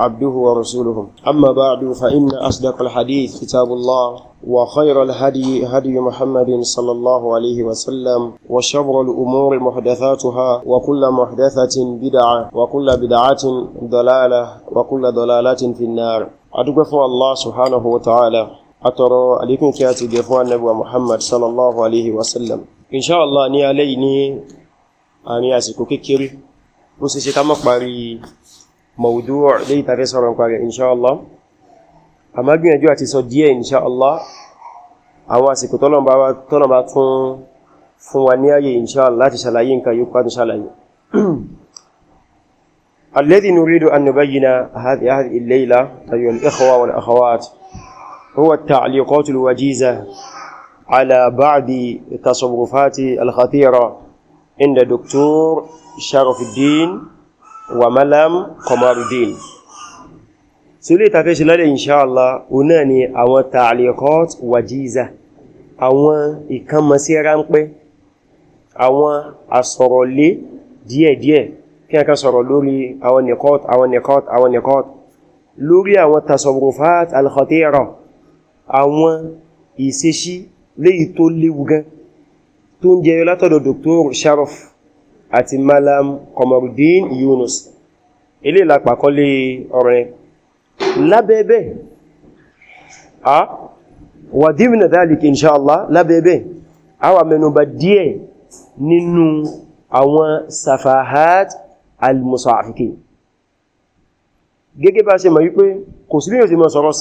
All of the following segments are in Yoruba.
عبده ورسوله أما بعد فإن أصدق الحديث كتاب الله وخير الهدي هدي محمد صلى الله عليه وسلم وشر الأمور محدثاتها وكل محدثة بدعة وكل بدعة ضلالة وكل ضلالة في النار أتقفوا الله سبحانه وتعالى أترى عليكم كاتي قفوا النبي محمد صلى الله عليه وسلم إن شاء الله ني عليني أني أسكو كيري. وسيسي كما قاري mọ̀wùdó léyìí tàfẹ́ sọ̀rọ̀ nípa rẹ̀ inṣáàlá a má gbìyànjú àti sọ díẹ̀ inṣáàlá àwọn àsìkò tọ́nàbá tún fún wa ní ayé inṣáàlá láti ṣàlàyé nǹkan yóò pàtún ṣàlàyé alladhi nuridu an nubayyina hadhihi al-layla ayyuha al-ikhwa wal akhawat huwa at-ta'liqat al-wajiza ala ba'd tasawwufati al-khatira wà malam Qamarudeen so lè tafẹ́ ṣe lọ́lẹ̀ inṣáàlá oná ni àwọn ta'liqat wajiza àwọn ìkánmọ̀sí ránpẹ́ àwọn asọ̀rọ̀lé díẹ̀díẹ̀ kí a ká sọ̀rọ̀ lórí àwọn nìkọ́t àwọn nìkọ́t àwọn nìkọ́t lórí àwọn tasarrufat al àwọn ìṣesí léyìí tó léwu gan tó ń jẹyọ látọ̀dọ̀ Dr. Sharaf àti malam Qamaruddin Yunus ilé ìlàpàkọlé ọ̀rẹ́ lábẹ́ẹ̀bẹ́ a wà dìbìnà dhalika inṣáàlá lábẹ́ẹ̀bẹ́ a wà mẹ́nubà díẹ̀ nínú àwọn safahat al-musa'afiki gẹ́gẹ́ bá ṣe mọ̀ wípé kò sí bí o ṣe mọ̀ sọ̀rọ̀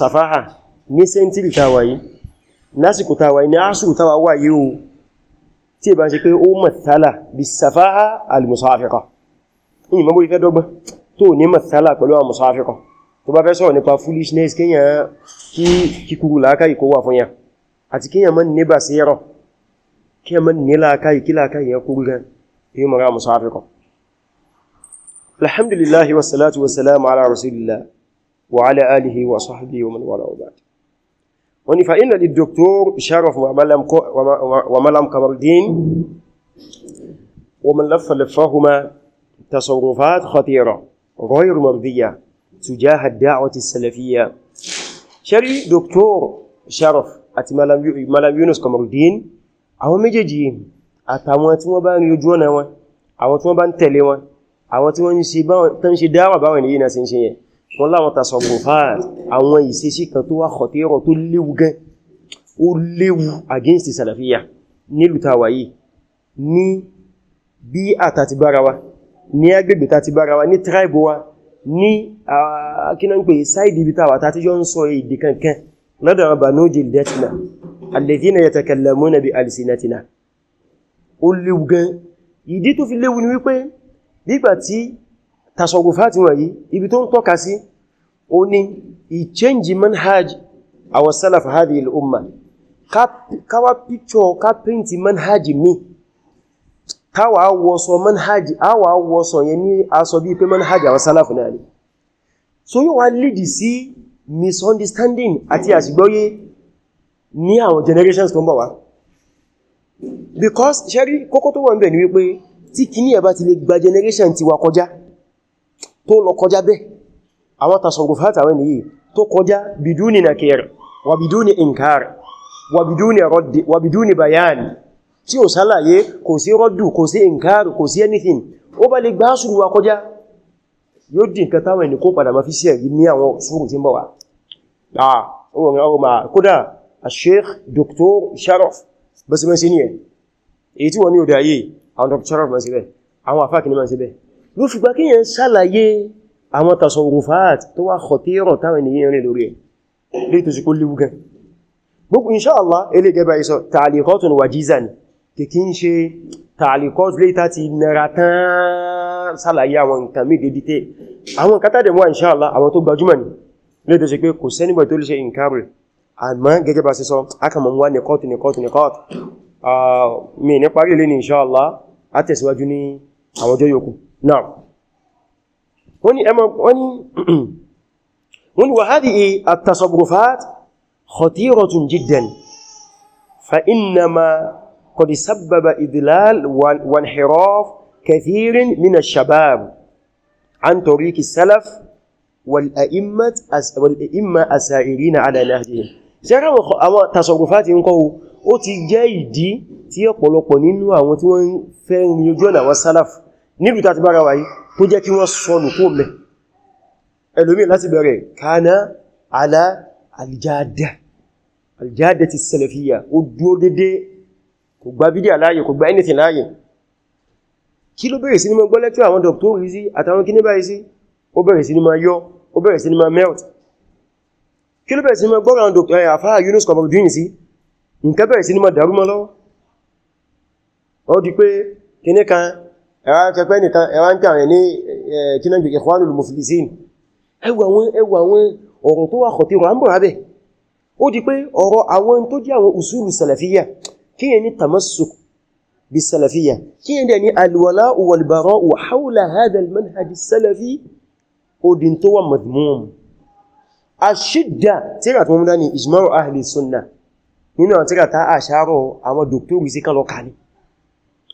tí ìbá ń ṣe pé ó mọ̀tálà bí sàfáà alìmùsáfíkà ní ìmọ̀ bó ìfẹ́ dọ́gbọ́n tó ní mọ̀tálà pẹ̀lú àmùsáfíkà tó bá fẹ́ sọ̀rọ̀ nípa foolishness kíyàn kí kíkúrú làákàyè kó wà fún yà àti kíyàn mọ́ ní bà sí yẹ́rọ kíyàn mọ́ ní làákàyè kí làákàyè yẹn kúrú gan èyí mọ̀ra àmùsáfíkà alhamdulillahi wasalatu wasalamu ala rasulillah wa ala alihi wa sahbihi wa man wala wa ba'd wọ́n ní fa inna li doctor sharaf wa malam kamardin wa man laffa laffahuma tasawrufat khatira ghayr mardiya tujaha da'wati salafiyya shari doctor sharaf àti malam yunus kamardin àwọn méjèèjì àtàwọn tí wọ́n bá rí ojú ọ̀nà wọn àwọn tí wọ́n bá ń tẹ̀lé wọn àwọn tí wọ́n ń ṣe dáwà báwọn ènìyàn sí ń ṣe wọ́n láwọn tasawufat àwọn ìṣesí kan tó wá kọ̀tẹ́rọ̀ tó léwu gan ó léwu against salafiya nílùú tàwà yìí ní bí àtàti bára wa ní agbègbè tàti bára wa ní tribe wa ní kíná ń pè sáìdì ibi tàwà tàti yọ ń sọ èdè kankan lọ́dọ̀ àwọn banu jildatina alladhina yatakallamuna bi alsinatina ó léwu gan ìdí tó fi léwu ni wípé nígbàtí tasọ̀gùfàtí wọ̀nyí ibi tó ń tọ́ka sí ó ní ìchange manhaj àwọn salaf hadhihi al-umma káwà píkọ̀ ká píntì manhaj mi káwà wọ́sọ̀ manhaj àwà wọ́sọ̀ yẹn ní aṣọ bí pé manhaj àwọn salaf náà ni so yóò wá lìdì sí misunderstanding àti àṣìgbọ́yé ní àwọn generations tó ń bọ̀ wá because ṣẹ́rí kókó tó wọ́n bẹ̀ ni wípé tí kìíní ẹ̀bá ti lè gba generation ti wa kọjá tó lọ kọjá bẹ́ àwọn tasarrufat àwọn ènìyàn tó kọjá bidúni nakir wa bidúni inkar wa bidúni raddi wa bidúni bayan tí ó sálàyé kò sí rọ́dù kò sí inkar kò sí anything ó bá lè gbá sùúrù wa kọjá yóò dì nǹkan táwọn ẹni kó padà ma fi sí ẹ̀rí ní àwọn sùúrù tí ń bọ̀ wá kódà Sheikh Dr. Sharaf bẹ́sí mẹ́sí ní ẹ̀ èyí tí wọ́n ní ò dáyé àwọn Dr. Sharaf mẹ́sí bẹ́ àwọn àfáàkì ní mẹ́sí bẹ́ ló fi gbá kíyàn ṣàlàyé àwọn tasawufat tó wà kọtíọ̀rọ̀ táwọn ènìyàn rìn lórí ẹ̀ lè tó sí kó léwu gan gbogbo inṣáàlá ilé gẹba ìsọ tààlìkọ́tún wàjíza ni kìkí ń ṣe tààlìkọ́t lè tàti nara tán ṣàlàyé àwọn nǹkan mí dédíté àwọn kátàdẹ̀ wà inṣáàlá àwọn tó gbajúmọ̀ ni lè tó sí pé kò sẹ́nìbọ̀ tó lè ṣe ìǹkárù àmọ́ gẹ́gẹ́ bá sí sọ akamọ̀ ah, wá àwọn ọjọ́ yòókù نعم هوني أما هوني هوني وهذه التصرفات خطيرة جدا فإنما قد سبب إذلال وانحراف كثير من الشباب عن طريق السلف والأئمة والأئمة السائرين على نهجهم سيرا àwọn تصرفات ńkọ́ ó ti jẹ́ ìdí tí ọ̀pọ̀lọpọ̀ nínú àwọn nílùú tàti bára wáyé tó jẹ́ kí wọ́n sọnù kó mẹ́ ẹlòmí láti bẹ̀rẹ̀ kánà alá aljada aljada ti sẹlẹ̀fíyà ó dúó dédé kò gba bídí aláyè kò gba anything láyè kí ló bẹ̀rẹ̀ sí ní mọ́ gbọ́ lẹ́kṣọ́ àwọn dọ̀którí sí àtàwọn kí ní báyìí sí ó bẹ̀rẹ̀ sí ní máa yọ ó bẹ̀rẹ̀ sí ní máa melt kí ló bẹ̀rẹ̀ sí ní máa gbọ́rọ̀ ẹ̀wà kẹpẹ́ nìkan ẹ̀wà ń pè àwọn ní kínájú Ikhwanul Muflisin ẹwà àwọn ẹwà àwọn ọ̀rọ̀ tó wà kọ̀tí ọ̀rọ̀ àmbọ̀ abẹ́ ó di pé ọ̀rọ̀ àwọn tó jẹ́ àwọn usulu salafiyya kí yẹn ní tamassuk bí salafiyya kí yẹn dẹ̀ ní al-wala'u wal-bara'u hawla hadha al-manhaj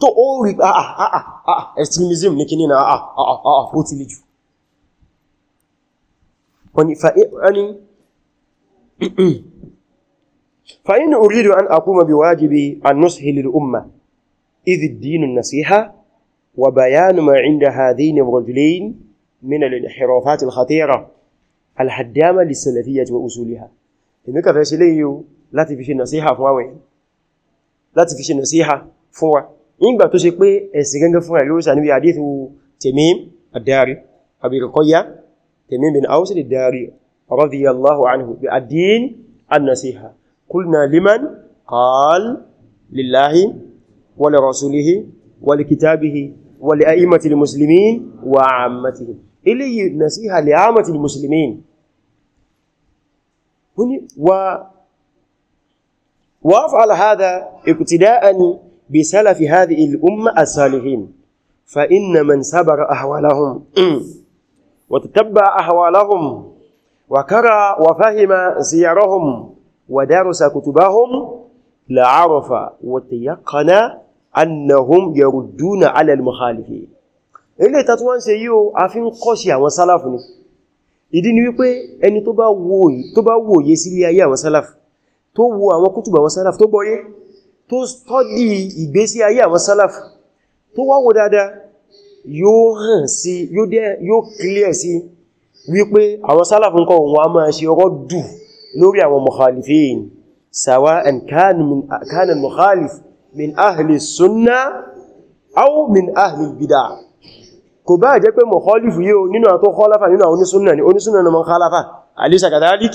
tó ó rí extremism ní kini na ah ah ah àà ó ti lè jù ani fa fa'in uridu an akuma bi wajibi an nushi lil umma idh ad-din an-nasiha wa bayan ma 'inda hadhin ar-rajulayn min al-inhirafat al-khatira al-haddama lis-salafiyyah wa usuliha èmi kà fẹ́ ṣe léyìí láti fi shi nasiha fún wa láti fi shi nasiha fún wa nígbà tó ṣe pé ẹ̀sìn gẹ́gẹ́ fún àìlú sàníbi àdíthù tèmí àdáàrí dari Abi Ruqayyah bin áwúsílì dáàrí dari ànìhù bi ad annasíha an liman qal lillahi wa li rasulihi wa li بسلف هذه الأمة الصالحين فإن من سبر أهوالهم وتتبع أهوالهم وكرى وفهم سيرهم ودرس كتبهم لعرف وتيقن أنهم يردون على المخالفين ilé ìtàtí wọ́n ń ṣe yíò a fi ń kọ́ sí àwọn sálàfù ní ìdí ni wípé ẹni tó bá wòye sílé ayé àwọn sálàfù tó wo àwọn kútùbà àwọn sálàfù tó gbọ́yé tó stọ́dì ìgbésí ayé àwọn sálàf tó wá wò dáadáa yóò hàn sí yóò clear sí wípé àwọn sálàf ń kọ́ wọn a máa ṣe ọ̀rọ̀ dù lórí àwọn mukhalifin sawa'an kana mukhalif min ahli sunna aw min ahli bid'ah kò bá jẹ́ pé mukhalifu yóò nínú àtọ́ khalafa nínú àwọn onísúnnà ni onísúnnà na man alisa kadhalik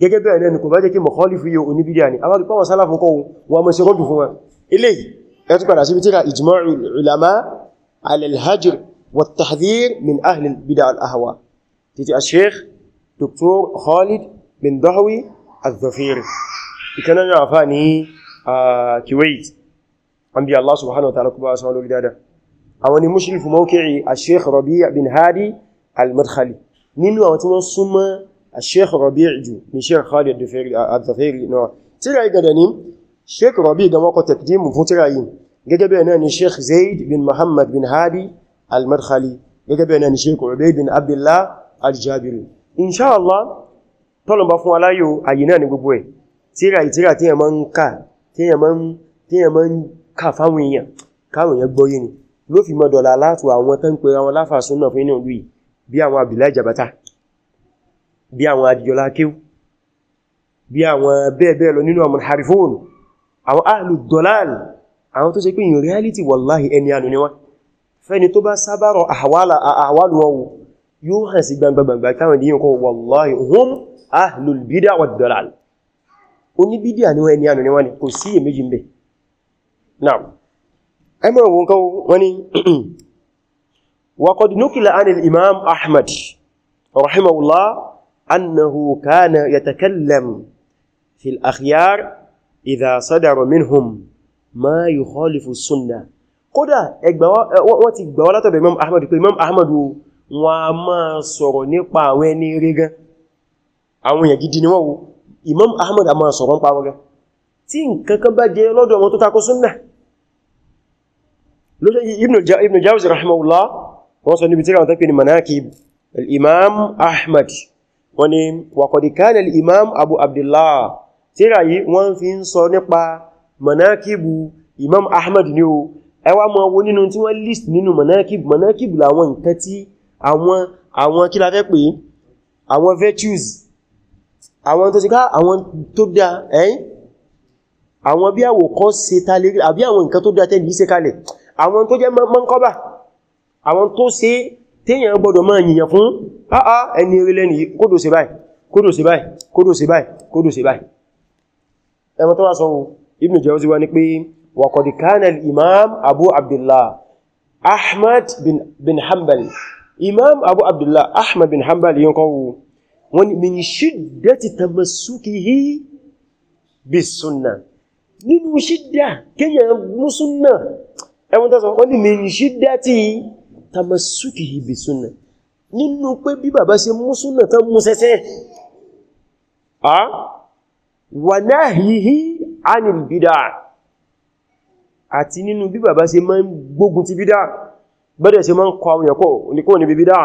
gẹ́gẹ́ bẹ́ẹ̀ náà ni kò bá jẹ́ kí mọ̀kọ́lífù yóò ní bídíà ni àwọn ìpáwọn sálàfún kọ́ wọn mọ̀ sí rọ́dù fún wọn ilé ẹ̀tù padà sí bí tíra ijma' ulama ala al-hajr wa tahdhir min ahli al-bid'a al-ahwa títí a sheikh dr khalid bin dahwi al-zafiri ìkaná ní àfá ní kuwait an bí allah subhanahu wa ta'ala kuma a sanwó lórí dada àwọn ni mushrifu mawqi'i a sheikh rabi' bin hadi al-madkhali nínú àwọn tí wọ́n súnmọ́ الشيخ ربيع جو من شيخ خالد الظفيري نوع ترى قدني الشيخ ربيع كما قد تقديم فتراين جاجب أناني الشيخ زيد بن محمد بن هادي المدخلي جاجب أناني الشيخ عبيد بن عبد الله الجابري إن شاء الله طلب فون عليو، يو عينان بوبوي ترى ترى تي من كا تي من تي من كا فاون يان كاون يان غبوي ni ló fi mọ́ dọ̀là látò àwọn tán pẹ̀rẹ̀ àwọn láfàásún náà fún inú bí àwọn adìjọlá kéw bí àwọn bẹ́ẹ̀bẹ́ẹ̀ lọ nínú àwọn harifon àwọn ahlu dolal àwọn tó ṣe pé in reality wallahi ẹni anu ni wọ́n fẹ́ni tó bá sábárọ̀ àwálù wọn yóò hàn sí gbangbangbà káwọn ìdíyàn kọ wallahi hum ahlul bida wa dolal oní bídíà ni wọ́n ẹni anu ni wọ́n ni kò sí èméjì rahimahullah أنه كان يتكلم في الأخيار إذا صدر منهم ما يخالف السنة kódà wọ́n ti gbà wá látọ̀dọ̀ أحمد ahmadu pé imam ahmadu wọn a máa sọ̀rọ̀ nípa àwọn ẹni eré gan àwọn èèyàn gidi ni wọ́n wo imam ahmadu a máa sọ̀rọ̀ nípa wọn gan tí nkankan bá jẹ lọ́dọ̀ wọn tó takó súnnà lóṣe ibn jawzi rahimahullah wọ́n sọ níbi tí wọ́n ni wakọ̀dìkánà imam abu abdullah tíra yìí wọ́n fi ń sọ nípa manakibu imam ahmad ni o ẹwà mọ́ owó nínú tí wọ́n list nínú manakibu manakibu làwọn nǹkan tí àwọn àwọn kí la fẹ́ àwọn virtues àwọn tó ti ká àwọn tó dá ẹ́yìn àwọn bí àwò kọ́ ṣe tàlérí àbí àwọn nǹkan tó dá tẹ́lì í ṣe kalẹ̀ àwọn tó jẹ́ mọ́ńkọ́bà téèyàn gbọdọ̀ máa yìnyàn fún àà ah, ah, ẹni eré lẹ́ni kódò sí báyìí kódò sí báyìí kódò sí báyìí kódò sí báyìí ẹmọ tó wá sọ Ibn Jawzi wá ní pé wa qad kana imam abu abdullah ahmad bin hanbal imam abu abdullah ahmad bin hanbal yíò kọwọ́ wọn min shiddati nínú ṣídà kéyàn mú súnnà ẹwọ́n tó sọ tamasukihi bi súnà nínú pé bí bàbá ṣe mú súnà tán mú sẹ́sẹ́ a wà nahyihi anil bídá àti nínú bí bàbá ṣe máa ń gbógun ti bídá bẹ́dẹ̀ ṣe máa ń kọ àwọn ẹ̀kọ́ oníkọ́ ní bídá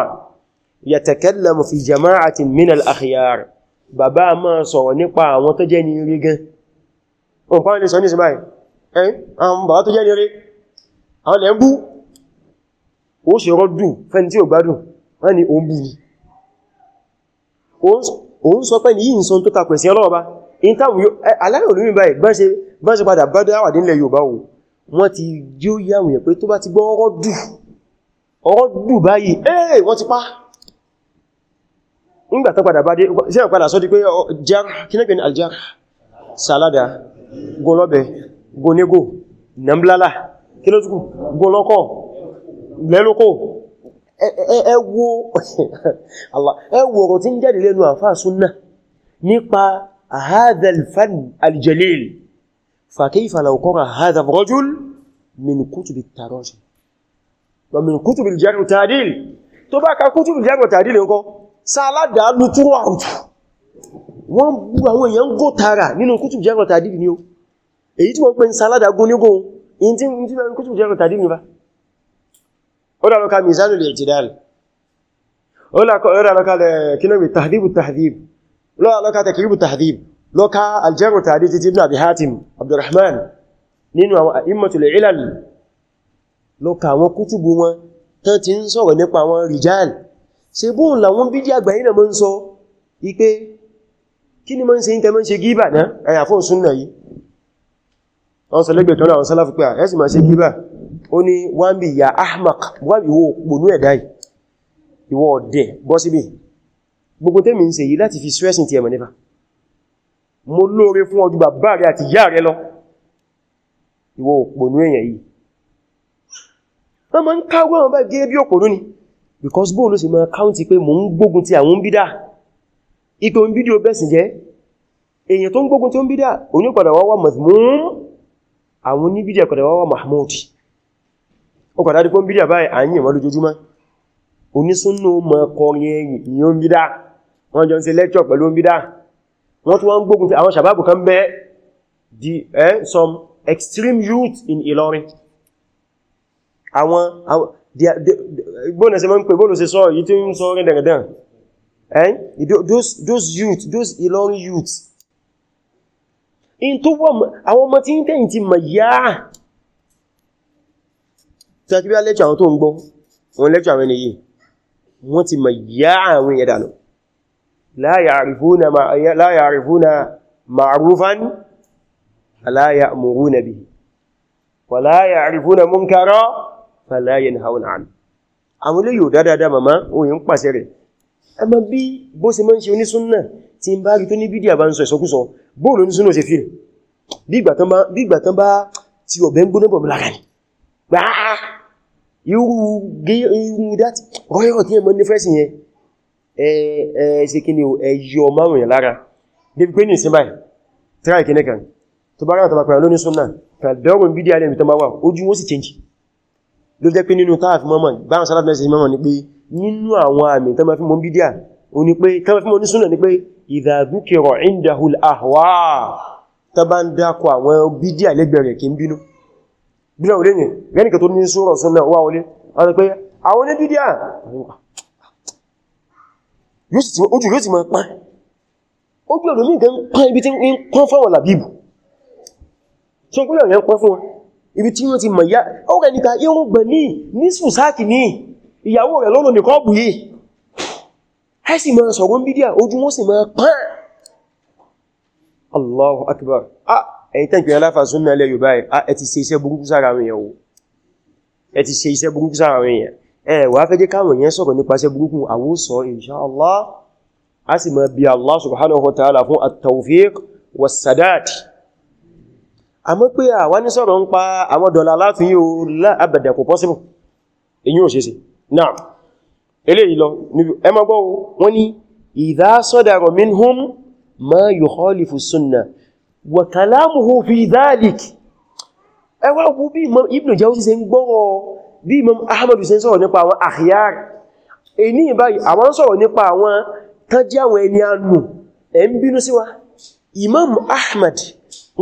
yatakallamu fi jama'atin min al-akhyar bàbá ó ṣe rọ́dù fẹ́ni tí ò gbádùn wọ́n ni òun bú ni òun sọ pé ní yìí ń sọ tó takò ẹ̀sìn ọlọ́ọ̀bá aláyọ̀lómi báyìí bá ṣe padà bá dáwà nílẹ̀ Yorùbá o wọ́n ti jí ó yá wùyẹ̀ pé tó bá ti gbọ́ rọ́dù rọ́dù báyìí ẹ́ wọ́n ti pa ńgbà tó padà bá dé sí ọ̀padà sọ di pé kílẹ̀pẹ̀ ní aljar salada gọlọ́bẹ̀ gonnego namblala kílọ́tukù gọlọ́kọ̀ọ́ lẹ́lókò ẹwọ ọ̀rọ̀ tí ń jáde lẹ́nu àfáà súnnà nípa hadhal fan aljalil fa kayfa law qara hadha rajul min kutubi taraji wa min kutubi al-jarh wa ta'dil tó bá ka kutubi al-jarh wa ta'dil ńkọ́ sáàládà lùtúrò àwùjù wọ́n bú àwọn èèyàn gó tààrà tí wọ́n pè ń sáàládà gún nígún in tí kutubi al-jarh wa ta'dil ni bá ó dà lọ́ka mizanul i'tidal ó dà lọ́ka eh, kílọ̀mì tahdibu tahdib lọ́ka takribu tahdib lọ́ka aljaru tàdí títí ibn abi hatim abdurrahman nínú àwọn a'immatul ilal lọ́ka àwọn kútùbù wọn tán ti ń sọ̀rọ̀ nípa àwọn rijal ṣe bóhùn làwọn bídí àgbáyé náà mọ́ ń sọ ipé kí ni mọ́ ń ṣe ń tẹ́mọ́ ń ṣe gíbà náà ẹ̀yà fún súnnà yìí wọ́n sọ lẹ́gbẹ̀ẹ́ tọ́lá àwọn sálàfù pé ah, ẹ̀sì máa ṣe gíbà ó ní wọ́n bí ya ahmak wọ́n ìwò òpònú ẹ̀dá ìwọ ọ̀dẹ̀ bọ́ síbí gbogbo tẹ́mì ń ṣe yìí láti fi stressing ti ẹ̀mọ̀ nípa mo lóore fún ọdún bàbá rẹ àti ìyá rẹ lọ ìwọ òpònú èèyàn yìí wọ́n ma ń káwọ́ àwọn bá bí òpònú ni because bóòlù sì máa káùntì pé mò ń gbógun ti àwọn bídá ipò ń bídíò bẹ́sìn jẹ́ èèyàn tó ń gbógun tí ó ń ó kọ̀dá dípọ́ bídà báyìí àyí ìwọ́n lójoojúmọ́ onísúnnù mọ̀ kọrin ẹ̀yìn ni ó ń bídà wọ́n jọ ń ṣe lẹ́kṣọ̀ pẹ̀lú ó ń bídà wọ́n tún wọ́n gbógun ti àwọn sàbábù kan bẹ́ di eh, some extreme youth in Ìlọrin àwọn gbónà se mọ́ ń pè bóòlù se sọ yìí tí ń sọ rẹ̀ dẹ̀rẹ̀dẹ̀rẹ̀ eh? those, those youth those Ìlọrin youth in tó wọ́n àwọn ọmọ tí ń tẹ̀yìn ti mọ̀ yáà tàbí bí a lẹ́kṣọ́ àwọn tó ń gbọ́ wọn lẹ́kṣọ́ àwọn ènìyàn wọ́n ti mọ̀ yá àwọn ènìyàn dànù la ya'rifuna ma'rufan fala ya'muruna bihi wa la ya'rifuna munkara fala yanhauna anhu àwọn olóyò dáadáa màmá òyìn ń pàṣẹ rẹ̀ ẹmọ bí bó ṣe mọ́ ń ṣe onísúnnà tí ń bá rí tó ní bídíà bá ń sọ ìsọkúsọ bóòlù onísúnnà ṣe fíìlì bí ìgbà tán bá tí ọ̀bẹ̀ ń gbóná bọ̀ lára ní gbáà irú that royal tí ẹmọ nífẹ́ sí yẹn ẹ̀ẹ́sẹ̀ kí ni ẹ̀yọ márùn-ún lára david payne sí báyìí try kí nẹ́kan tó bá rántà pàpàá lóní súnnà kàdọ́rùn bídí alẹ́ ìtọ́ máa wà ojú wó sì change ló jẹ́ pé nínú táàfí mọ́mọ̀ gbáhùn sálàtí mẹ́sẹ̀ mọ́mọ̀ ni pé nínú àwọn àmì tán fi mọ́ bídíà o ni pé tán fi mọ́ ní súnnà ni pé ìdàdúkẹrọ̀ indahul ahwa tán bá ń dákọ àwọn bídíà lẹ́gbẹ̀rẹ̀ kí ń bínú bílẹ̀ olé ní rẹ́nìkà tó ní sọ́rọ̀ súnnà wà olé ọdún pé àwọn ní bídíà ojú yóò ti máa pán ojú ọdún gan pán ibi tí ń pán fáwọn làbíbù ṣe kúlẹ̀ ọ̀yẹ́ ń pán fún wọn ibi tí wọ́n ti mọ̀ yá ọgbẹ̀ níta irun gbẹ̀ ní ní sùsáàkì ní ìyàwó rẹ̀ lọ́nà nìkan bù yìí ẹ sì máa sọ̀rọ̀ bídíà ojú wọn sì máa pán Allahu akbar ah ẹ̀yí tẹ́ǹkì aláfà súnnà ilẹ̀ Yorùbá ẹ ti ṣe iṣẹ́ burúkú sára àwọn èèyàn ẹ ti ṣe iṣẹ́ burúkú sára àwọn èèyàn ẹ wà fẹ́ jẹ́ káwọn èèyàn sọ̀rọ̀ nípa iṣẹ́ burúkú àwòsọ insha Allah a sì máa bí Allah subhanahu wa ta'ala fún at-tawfiq was-sadad àmọ́ pé àwa ní sọ̀rọ̀ ń pa àwọn dọ̀là láti yíò láàbẹ̀dẹ̀ pọ́símù èyí ò ṣe sí náà eléyìí lọ ẹ má wọ́n ní idha sadara minhum ma yukhalifu sunnah wa kalamuhu fi dhalik ẹ wá wo bí imam ibn Jawzi ṣe ń gbọ́rọ̀ bí imam ahmadu ṣe ń sọ̀rọ̀ nípa àwọn akhyar èní ìbáyìí àwọn ń sọ̀rọ̀ nípa àwọn tánjí àwọn ẹni anù ẹ̀ ń bínú sí wa imam ahmad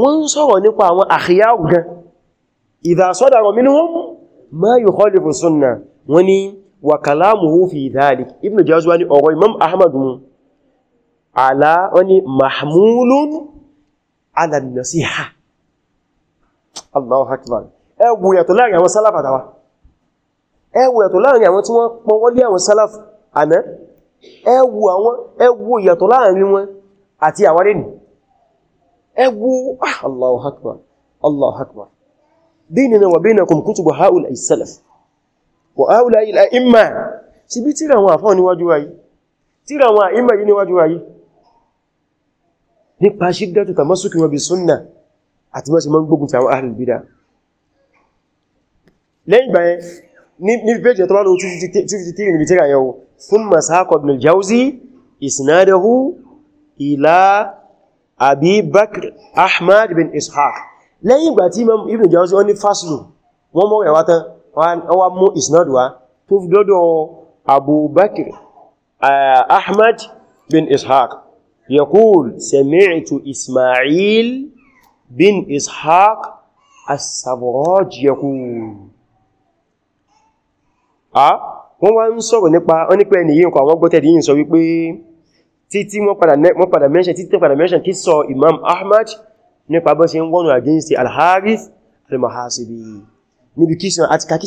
wọ́n ń sọ̀rọ̀ nípa àwọn akhyar gan idha sadara minhum ma yukhalifu sunna wọ́n ni wa kalamuhu fi dhalik ibn Jawzi wá ọ̀rọ̀ imam ahmad mu ala wọ́n mahmulun alànàsíhà Allahu akbar ẹwù yàtọ̀ láàrin àwọn sálàf àtàwà ẹwù yàtọ̀ láàrin àwọn tí wọ́n pọ̀wọ́lé àwọn sálàf àná ẹwù àwọn ẹwù yàtọ̀ láàrin wọn àti àwárẹ́ nì ẹwù ah, Allahu akbar Allahu akbar baynana wa baynakum kutubu nípa ṣídẹ́tù tàmásùkì wọn bí súnnà àti mọ́ sí mọ́ gbógun ti àwọn ahlul bid'ah lẹ́yìn gbáyẹ ní pẹ́jẹ̀ tó bá lọ 253 níbi tíra yau thumma saqa ibn al-Jawzi isnadahu ila Abi Bakr Ahmad bin Ishaq lẹ́yìn ìgbà tí ibn al-Jawzi wọ́n ní faslu wọ́n mọ́ rẹ̀ wátán wọ́n wá mú isnad wá tó يقول سمعت إسماعيل بن إسحاق السبراج يقول ah wọ́n wá ń sọ̀rọ̀ nípa wọ́n ẹni yíò kọ̀ àwọn gbọ́tẹ̀dì yíò sọ wípé títí wọ́n padà mẹ́ṣẹ̀ títí padà mẹ́ṣẹ̀ kí sọ Imam Ahmad nípa bọ́ sí wọ́nà against al-Harith níbi kíṣàn àti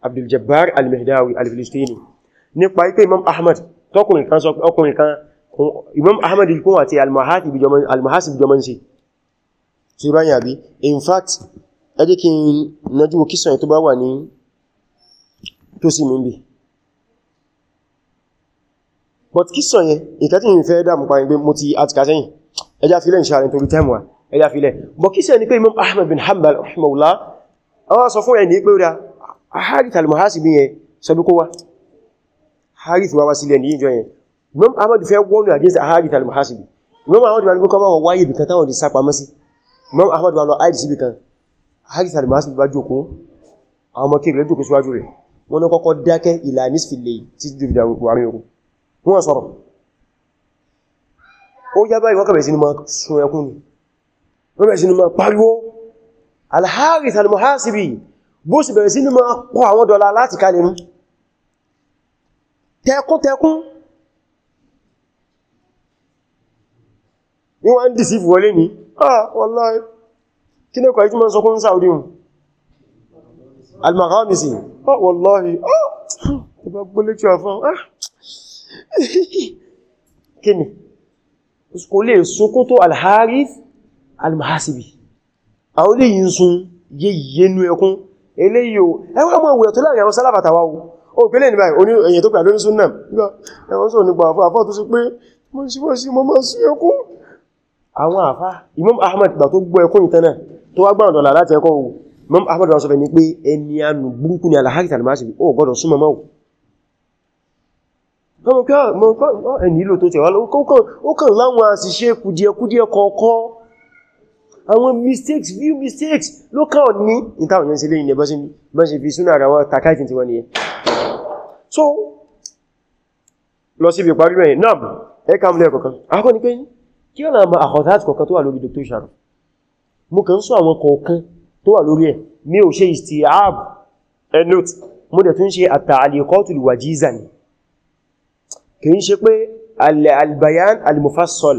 Abdul Jabbar al-Mihdawi al-Filistini nípa ipé Imam Ahmad tọkùnrin kan sọ ọkùnrin kan Imam Ahmad ikun àti al-Mahasib jọmọ́n sí tí bá yà bí in fact ẹjẹ́ kí n nájú kísan tó bá wà ní tó sí mi bí but kísan yẹn ìkẹtí yìí fẹ́ dámù pa ìgbé mo ti àtìkà sẹ́yìn ẹjá filẹ̀ ìṣàrin torí tẹ́mù ẹjá filẹ̀ but kísan ni pé Imam Ahmad bin Hanbal harith al-muhasibi yẹn sọbí kó wá harith ma wá sílẹ̀ ní ìjọ yẹn imam ahmad fẹ́ wọ́nù against harith al-muhasibi imam ahmad wà ní kọ́kọ́ wọ́n wáyé ibìkan táwọn di sápamọ́ sí imam ahmad wà lọ aìdì sí ibìkan harith al-muhasibi bá jókòó àwọn ọmọ kiri rẹ̀ jókòó síwájú rẹ̀ wọ́n kọ́kọ́ dákẹ́ ìlà nísfìlẹ̀ tí david wàrin ogun wọ́n sọ̀rọ̀ ó yá báyìí wọ́n kẹ̀bẹ̀ sínú ma sun ẹkún ni wọ́n bẹ̀ sínú ma pariwo al-harith al-muhasibi bó sì bẹ̀rẹ̀ sí ní máa pọ̀ àwọn dọ́là láti kalẹ̀ nú tẹkúntẹkún ní wọ́n dì sí ìfòwọlé ní ah wallahi kí ní kọ̀ ìtí máa sọ kún Saudi hun al-Maghamisi ah wallahi ah ìbá gbólé tí a fún ah kí ni kò lè al-Harith al-Muhasibi àwọn olè yìí ń sun ẹkún eléyìí o ẹwà mọ̀ wẹ̀ tó láàrin àwọn sálàfàtàwà o ó gbélé ní báyìí oní èyẹ tó pẹ̀ lórí súnnà ẹwọ́n sọ nípa àfá àfá tó sí pé mo sí wọ́n sí mọ́ mọ́ sí ẹkún àwọn àfá Imam Ahmad gbà tó gbọ́ ẹkún ìtẹ́nà tó wá àwọn mistakes few mistakes ló kàn ní ìtàwọn yẹn sí lè ilẹ̀ bọ́sí fi súnà ara wọn takáìtì tí wọ́n ni ẹ so lọ sí ibi parí rẹ̀ náà ẹ ká múlẹ̀ kọ̀kan akọ́ ni pé kí ọ̀nà àmà àkọ̀tàtì kọ̀kan tó wà lórí Dr. Sharon mo kàn ń sọ àwọn kọ̀ọ̀kan tó wà lórí ẹ̀ mi ò ṣe istiab ẹnut mo dẹ̀ tún ṣe at-ta'liqatul wajiza ni kì í ṣe pé al-bayan al-mufassal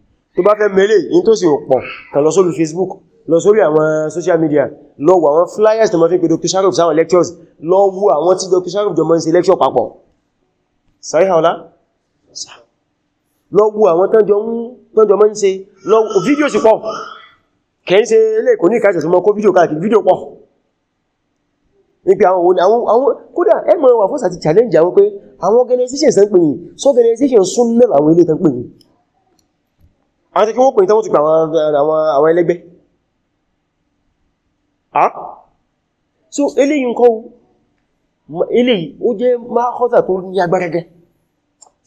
tó bá fẹ́ mẹ́lẹ̀ yìí tó sì pọ̀ kàn lọ sórí Facebook lọ sórí àwọn social media lọ wọ àwọn flyers tó mọ́ fi pé Dr. Sharif sáwọn lectures lọ wo àwọn tí Dr. Sharif jọmọ́ ń ṣe lecture papọ̀ sáyíhàọlá lọ wo àwọn tọ́jọ mọ́ ń ṣe lọ fídíò sí pọ̀ kẹ́yìn ṣe ilé ìkò ní ìkàṣẹ̀ sí mọ́ kó fídíò káàkiri fídíò pọ̀ níbi àwọn òun àwọn kódà ẹgbẹ̀rẹ̀ wà fún sàti challenge àwọn pé àwọn organization sẹ́ ń pè yìí so organization súnnà àwọn ilé tán pè yìí àti kí wọ́n pè tánwò ti pa àwọn ẹlẹ́gbẹ́ ha so eléyìí ń kọ́ eléyìí ó jẹ́ máa kọ́ta tó ní agbárẹ́gẹ́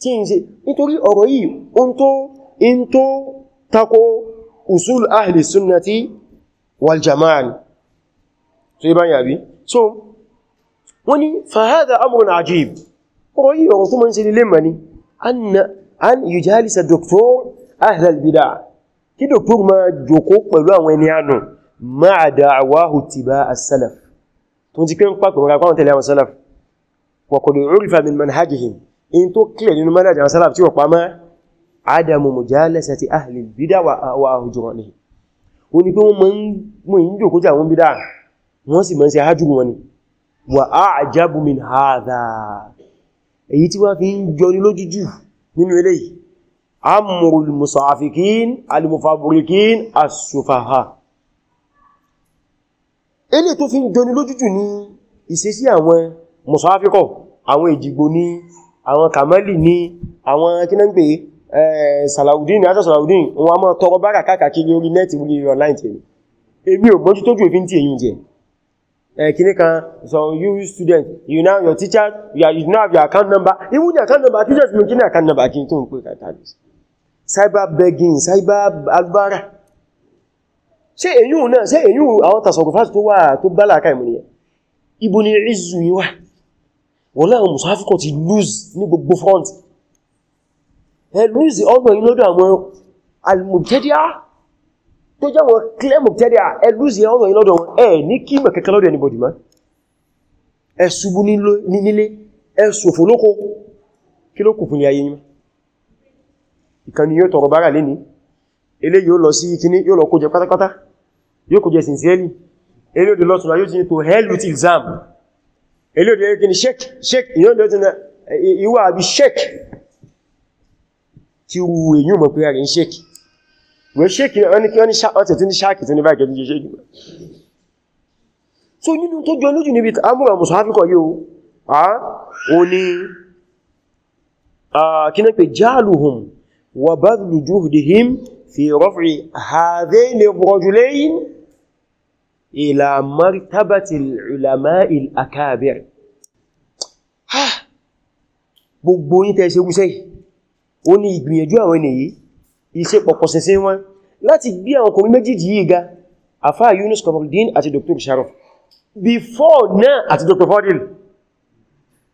tí ń ṣe nítorí ọ̀rọ̀ yìí ohun tó in tó tako usul ahli sunnati wal jama'an tó yí yàbí so wọ́n ni fahada amrun ajib ọ̀rọ̀ yìí ọ̀rọ̀ tó mọ́ ń ṣe lè mani an ahlal bid'ah kí dòkúr ma jòkó pẹ̀lú àwọn ẹni ànù máa da àwáhù ti bá as-salaf tó ti pé ń pàpẹ̀ wọ́n rápáwọn tẹ̀lé àwọn salaf wa qad urifa min manhajihim in tó kílẹ̀ nínú manhaj àwọn salaf tí wọ́n pàmá adamu mujalasati ahli bid'ah wa hujuranihi ó sì mọ̀ sí hajjúrù wọn ni wa a'jabu min èyí tí wọ́n fi ń jọ ní lójújù nínú eléyìí amurul musafikin almufaburikin asufaha ele tó fi ń jọni lójújù ní ìṣesí àwọn musafikọ àwọn ìjìgbò ní àwọn kamali ní àwọn kínẹ́gbẹ̀ eh, salaudin ní aṣọ salaudin wọn a máa tọrọ bára káàkiri orí nẹ́ẹ̀tì orí online tẹ̀lé eh, kan so you student you now your teacher you now have your account number even your account number teachers mi kí ní account number kí n tó ń pè cyber begging cyber albara ṣe èyún náà ṣe èyún àwọn tasọ̀rọ̀fàtí tó wà tó bálà káìmù ní ibu ni izu yíwá wọ́n láwọn musafikọ̀ ti lose ní gbogbo front ẹ lose ọgbọ̀n yìí lọ́dọ̀ àwọn almubtadi'a tó jẹ́ wọn clear mubtadi'a ẹ lose ọgbọ̀n yìí lọ́dọ̀ wọn ẹ ní kí mọ̀ kẹ́kẹ́ anybody ma ẹ ṣubú nílé ẹ ṣòfò lóko kí ló kù fún ilé ayé yìí ìkan ni yóò tọrọ bára lé ní ilé yóò lọ sí ìkíní yóò lọ kójẹ pátápátá yóò kójẹ sincerely ilé òdè lọ tùnà yóò ti ní to hell with exam ilé òdè yóò kíní sheik sheik ìyóò ti na ìwà àbí shake tí ru èyàn mọ̀ pé rẹ̀ ń sheik wẹ́ sheik ọ̀tẹ̀ tí ní ṣáàkì tí ní báyìí kẹ́ so nínú tó jọ lójú níbi amúra musafikọ yóò ah o ni kí náà pé jáàlùhùn وبذل جهدهم في رفع هذين الرجلين إلى مرتبة العلماء الأكابر gbogbo yín tẹ́ ṣe wúṣẹ́ ó ní ìgbìyànjú àwọn ènìyàn iṣẹ́ pọ̀pọ̀ sẹsẹ́ wọn láti gbé àwọn ọkùnrin méjìdì yìí ga afá Yunus Kamaldeen àti Dr. Sharaf before náà àti Dr. Fadil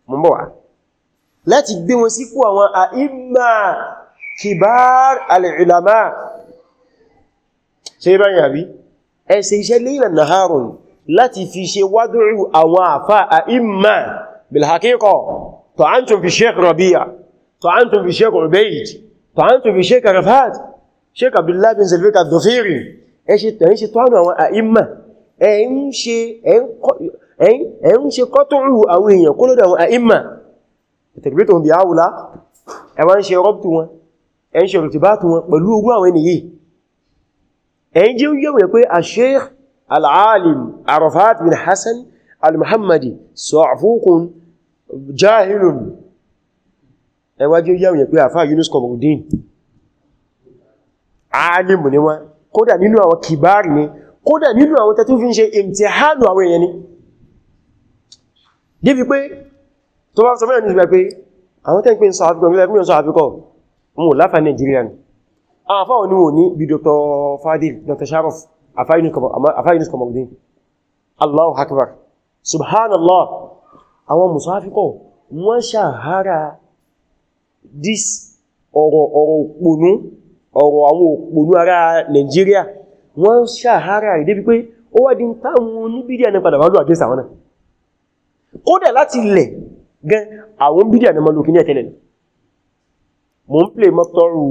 mọ́ bọ̀ wá láti gbé wọn sípò àwọn àìmà كبار العلماء سيبا يا بي اي سيشي ليلا نهار láti fi ṣe wádùrú àwọn àfá àìmà bilhakíkọ̀ tó an tún fi sheik rabia tó an tún fi sheik rubeid tó an tún fi sheik rafat sheik abdullahi bin zalvika dofiri ẹ ṣe tẹ̀ ń ṣe tọ́nà àwọn àìmà ẹ ń ṣe kọ́tùrú àwọn èèyàn kó lọ́dọ̀ àwọn àìmà ìtẹ̀gbẹ̀tọ̀ bí áwùlá ẹ wá ń ṣe rọ́bùtù wọn ẹ̀ ń ṣe ìrìtìbátù wọn pẹ̀lú ogún àwọn ènìyàn ẹ̀yìn jí yíò wẹ̀ pé al-Sheikh al-Alim Arafat bin Hassan al-Muhammadi sa'fukun jahilun ẹwàjú yíò wẹ̀ pé àfá Yunus Qamaruddin alimu ni wọ́n kódà nínú àwọn kìbárì ni kódà nínú àwọn tẹ́tún wọn láfà Nigeria ni àwọn afáwọn ní wọn ní bí Dr. Fadil Dr. Sharaf afáyínus kọmọdé Allahu akbar subhanallah àwọn musafikọ wọ́n ṣàhárá dis ọ̀rọ̀ ọ̀rọ̀ òpònú ọ̀rọ̀ àwọn òpònú ara Nigeria wọ́n ṣàhárá ìdébí pé ó wá di táwọn oníbídíà ní padà wájú àgẹ́sà wọn náà kódẹ̀ láti ilẹ̀ gan àwọn bídíà ní mọ́lùkí ní ẹ̀tẹ́lẹ̀ mo ń play mọ́tọ́rù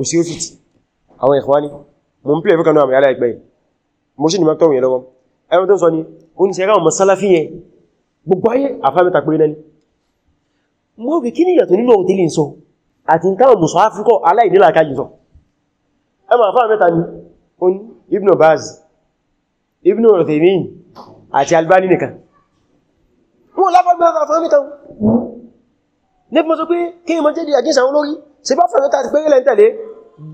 òsíòfìtì eh, àwọn ìkwáni mo ń play fún kanáà àmìyàlá ìgbẹ̀ mo sì ní mọ́tọ́rù yẹn lọ́wọ́ ẹwọ́n tó sọ ni ó ní sẹ́ráwọ̀n masalafi yẹn gbogbo ayé àfámẹ́ta pé náà mo rí kí níyàtọ̀ nínú òtẹ́lì ń sọ àti táwọn mùsọ̀ ní fún sọ pé kí ní mọ́ jẹ́ di àjíṣà wọn lórí ṣe bá fẹ̀rẹ̀ tàbí pé ilẹ̀ ń tẹ̀lé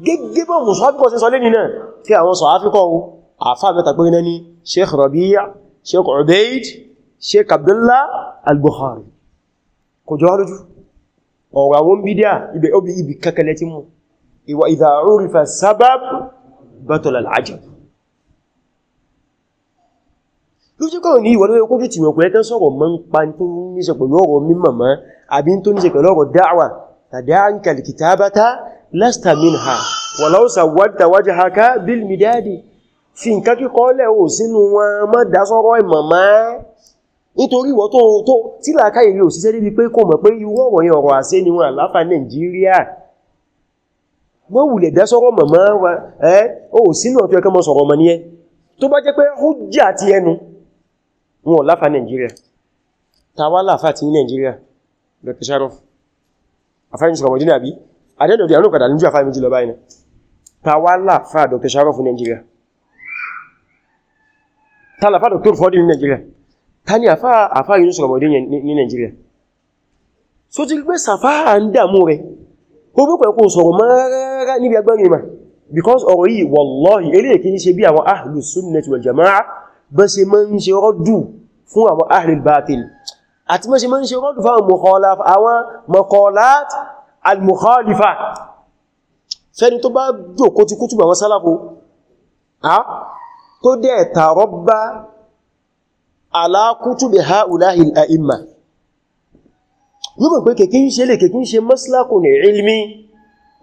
gẹ́gẹ́ bọ́ mùsùlùmí sí sọ lé nínú kí àwọn sọ áfíkọ́ àfá mẹ́ta pé náà ni Sheikh Rabi'a Sheikh Ubaid Sheikh Abdullah al-Bukhari kò jọ lójú ọ̀rọ̀ àwọn bídíà ibẹ̀ obi ibi kẹkẹlẹ ti mú ìwà ní ìwọ̀n àbí tó ní ṣe pẹ̀lú ọ̀rọ̀ dáwà tàdáǹkà kìtàbátá lasta minha walau sawwadta wajhaka bil midadi fi nǹkan kíkọ́ lẹ̀ ò sínú wọn mọ́ dásọ́rọ̀ ìmọ̀má nítorí ìwọ tó tó tí làákàyè yóò síṣẹ́ débi pé kò mọ̀ pé irú ọ̀rọ̀ yẹn ọ̀rọ̀ àṣẹ ni wọn àláfà Nàìjíríà wọ́n wùlẹ̀ dásọ́rọ̀ mọ̀má wa ní ẹ lọ tẹ̀ṣàrọ̀ àfáàmì ṣùgbọ́n jẹ́ nàbí àdẹ́dọ̀dẹ̀ àwọn òkàdà níjú àfáàmì jùlọ báyìí tàwálà dr sharaf nigeria tààlà fà dr fọ́dí ní nigeria ni àfá yìí ṣùgbọ́n jẹ́ ní nigeria so ti gbé sàfá because ọ̀rọ̀ yìí wallahi eléyìí kì í ṣe bí àwọn ahlus sunnah wal jama'a bẹ́ ṣe àti mọ́ ṣe mọ́ ń ṣe rọ́dù fáwọn mọ̀kọ̀lát al-mukhalifa fẹ́ni tó bá jòkó ti kútùbà àwọn sálàfò tó dẹ̀ tàrọ́bá alákútùbà haulahil a'imma yíò pé kèkí ń ṣe lè kèkí ń ṣe maslakun ilmi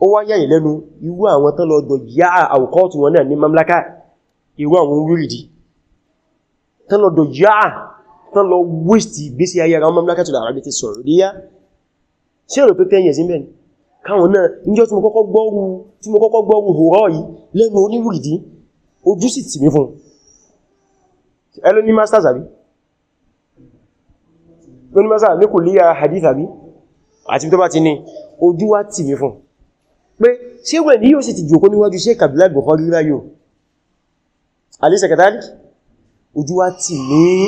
ó wá yáyì lẹ́nu irú àwọn tán tán lọ wíṣtì ìgbésí ayé ara Mamlakatul Arabiyatis Saudiyah ṣe èrò tó tẹ́yẹ̀ sí mẹ́rin káwọn náà níjọ́ tí mo kọ́kọ́ gbọ́rù tí mo kọ́kọ́ gbọ́rù hòrọ́ yìí lẹ́nu oníwìrìdí ojú sì tì mí fún ẹlò ní masters àbí lóní masters ní kò líyà hadith àbí àti tó bá ti ní ojú wá tì mí fún pé ṣé wẹ̀ ní yóò sì ti jòkó níwájú ṣe kàbílá gbọ̀kọ́ rírá yóò alẹ́sẹ̀kẹtàlì ojú wá tì mí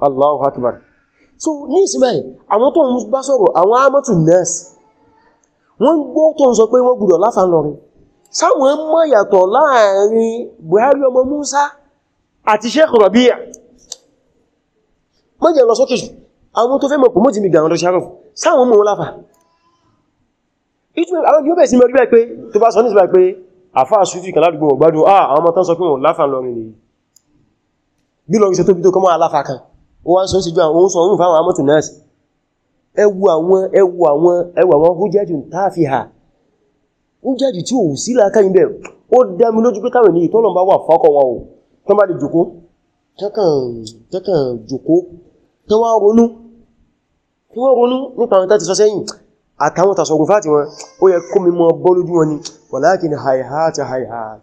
Allah akbar so ní ìsinmi àwọn tó ń bá sọ̀rọ̀ àwọn amatu nas wọ́n gbọ́ tó ń sọ pé wọ́n gbọ́dọ̀ láfà lọ́rin sáwọn mọ́ yàtọ̀ láàrin Buhari ọmọ Musa àti Sheikh Rabia mọ́jẹ̀ lọ sókè àwọn tó fẹ́ mọ̀ pọ̀ mọ́jì mi gàwọn lọ́ṣàrọ̀ sáwọn mọ́ láfà àwọn yóò bẹ̀ sí mẹ́rin pé tó bá sọ ní ìsinmi pé àfáà sùfì kan ládùgbò ọ̀gbádùn ah, àwọn ọmọ tán sọ pé wọ́n láfà lọ́rin nìyí bí lọ́rin ṣe tó bí tó kọmọ́ aláfà kan wọ́n sọ sí jọ àwọn oúnṣọ́ oúnfà àwọn amọ́tù náà sí ẹwù àwọn ẹwù àwọn ẹwù àwọn hújẹ́jù tààfi ha hújẹ́jù tí ò sí lákàyìn bẹ̀ ó dámi lójú pé káwẹ̀ ní ìtọ́lọ̀ bá wà fọ́kọ̀ wọn o tán bá lè jòkó tẹ́kàn jòkó tán wá ronú tán wá ronú nípa àwọn tàti sọ sẹ́yìn àtàwọn tàṣọgùn fáti wọn ó yẹ kó mi mọ́ bọ́ lójú wọn ni wàlákin haihat haihat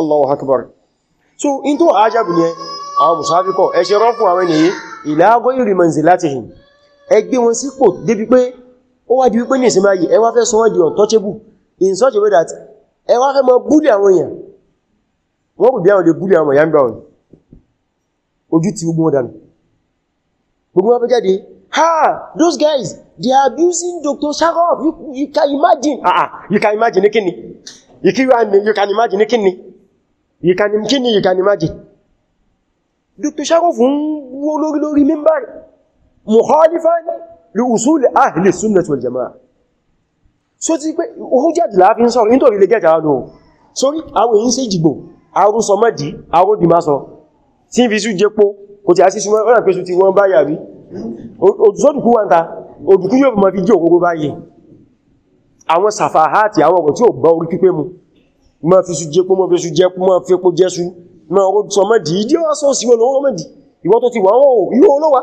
Allahu akbar so in tó ajabu ni àwọn mùsàáfíkọ̀ ẹ ṣe rọ́fù àwọn ènìyàn ila ghayri manzilatihim ẹ gbé wọn sípò débi pé ó wájú wípé ní ìsinmi ayé ẹ wá fẹ́ sọ wọ́n di untouchable in such a way that ẹ wá fẹ́ mọ búlì àwọn èèyàn wọ́n kò bí àwọn lè búlì àwọn èèyàn gbà wọn ojú ti gbogbo wọn ha those guys they are abusing Dr. Sharoff you, you can imagine ah ah you can imagine you can imagine you can imagine you can imagine Dr. Sharof ń wó lórí lórí mímbàrí mukhalifan li usul ahli sunnah wal jama'a so ti pé ohun jáde láàfin sọ̀rọ̀ nítorí lè gẹ́ta ọdún sórí àwọn èyí sí ìjìgbò arún sọ mọ́dí arún dì máa sọ tí fi sú jẹ́pó kò tí a sí súnmọ́ ọ̀nà pé sú ti wọ́n báyà rí òdùsọ́dùkú wà ń ta òdùkú yóò mọ̀ ma ọ̀rọ̀ sọmọ́dì ìdí ọwá sọ sí olówó mọ́dì ìwọ tó ti wà wọ́n ò yíò olówá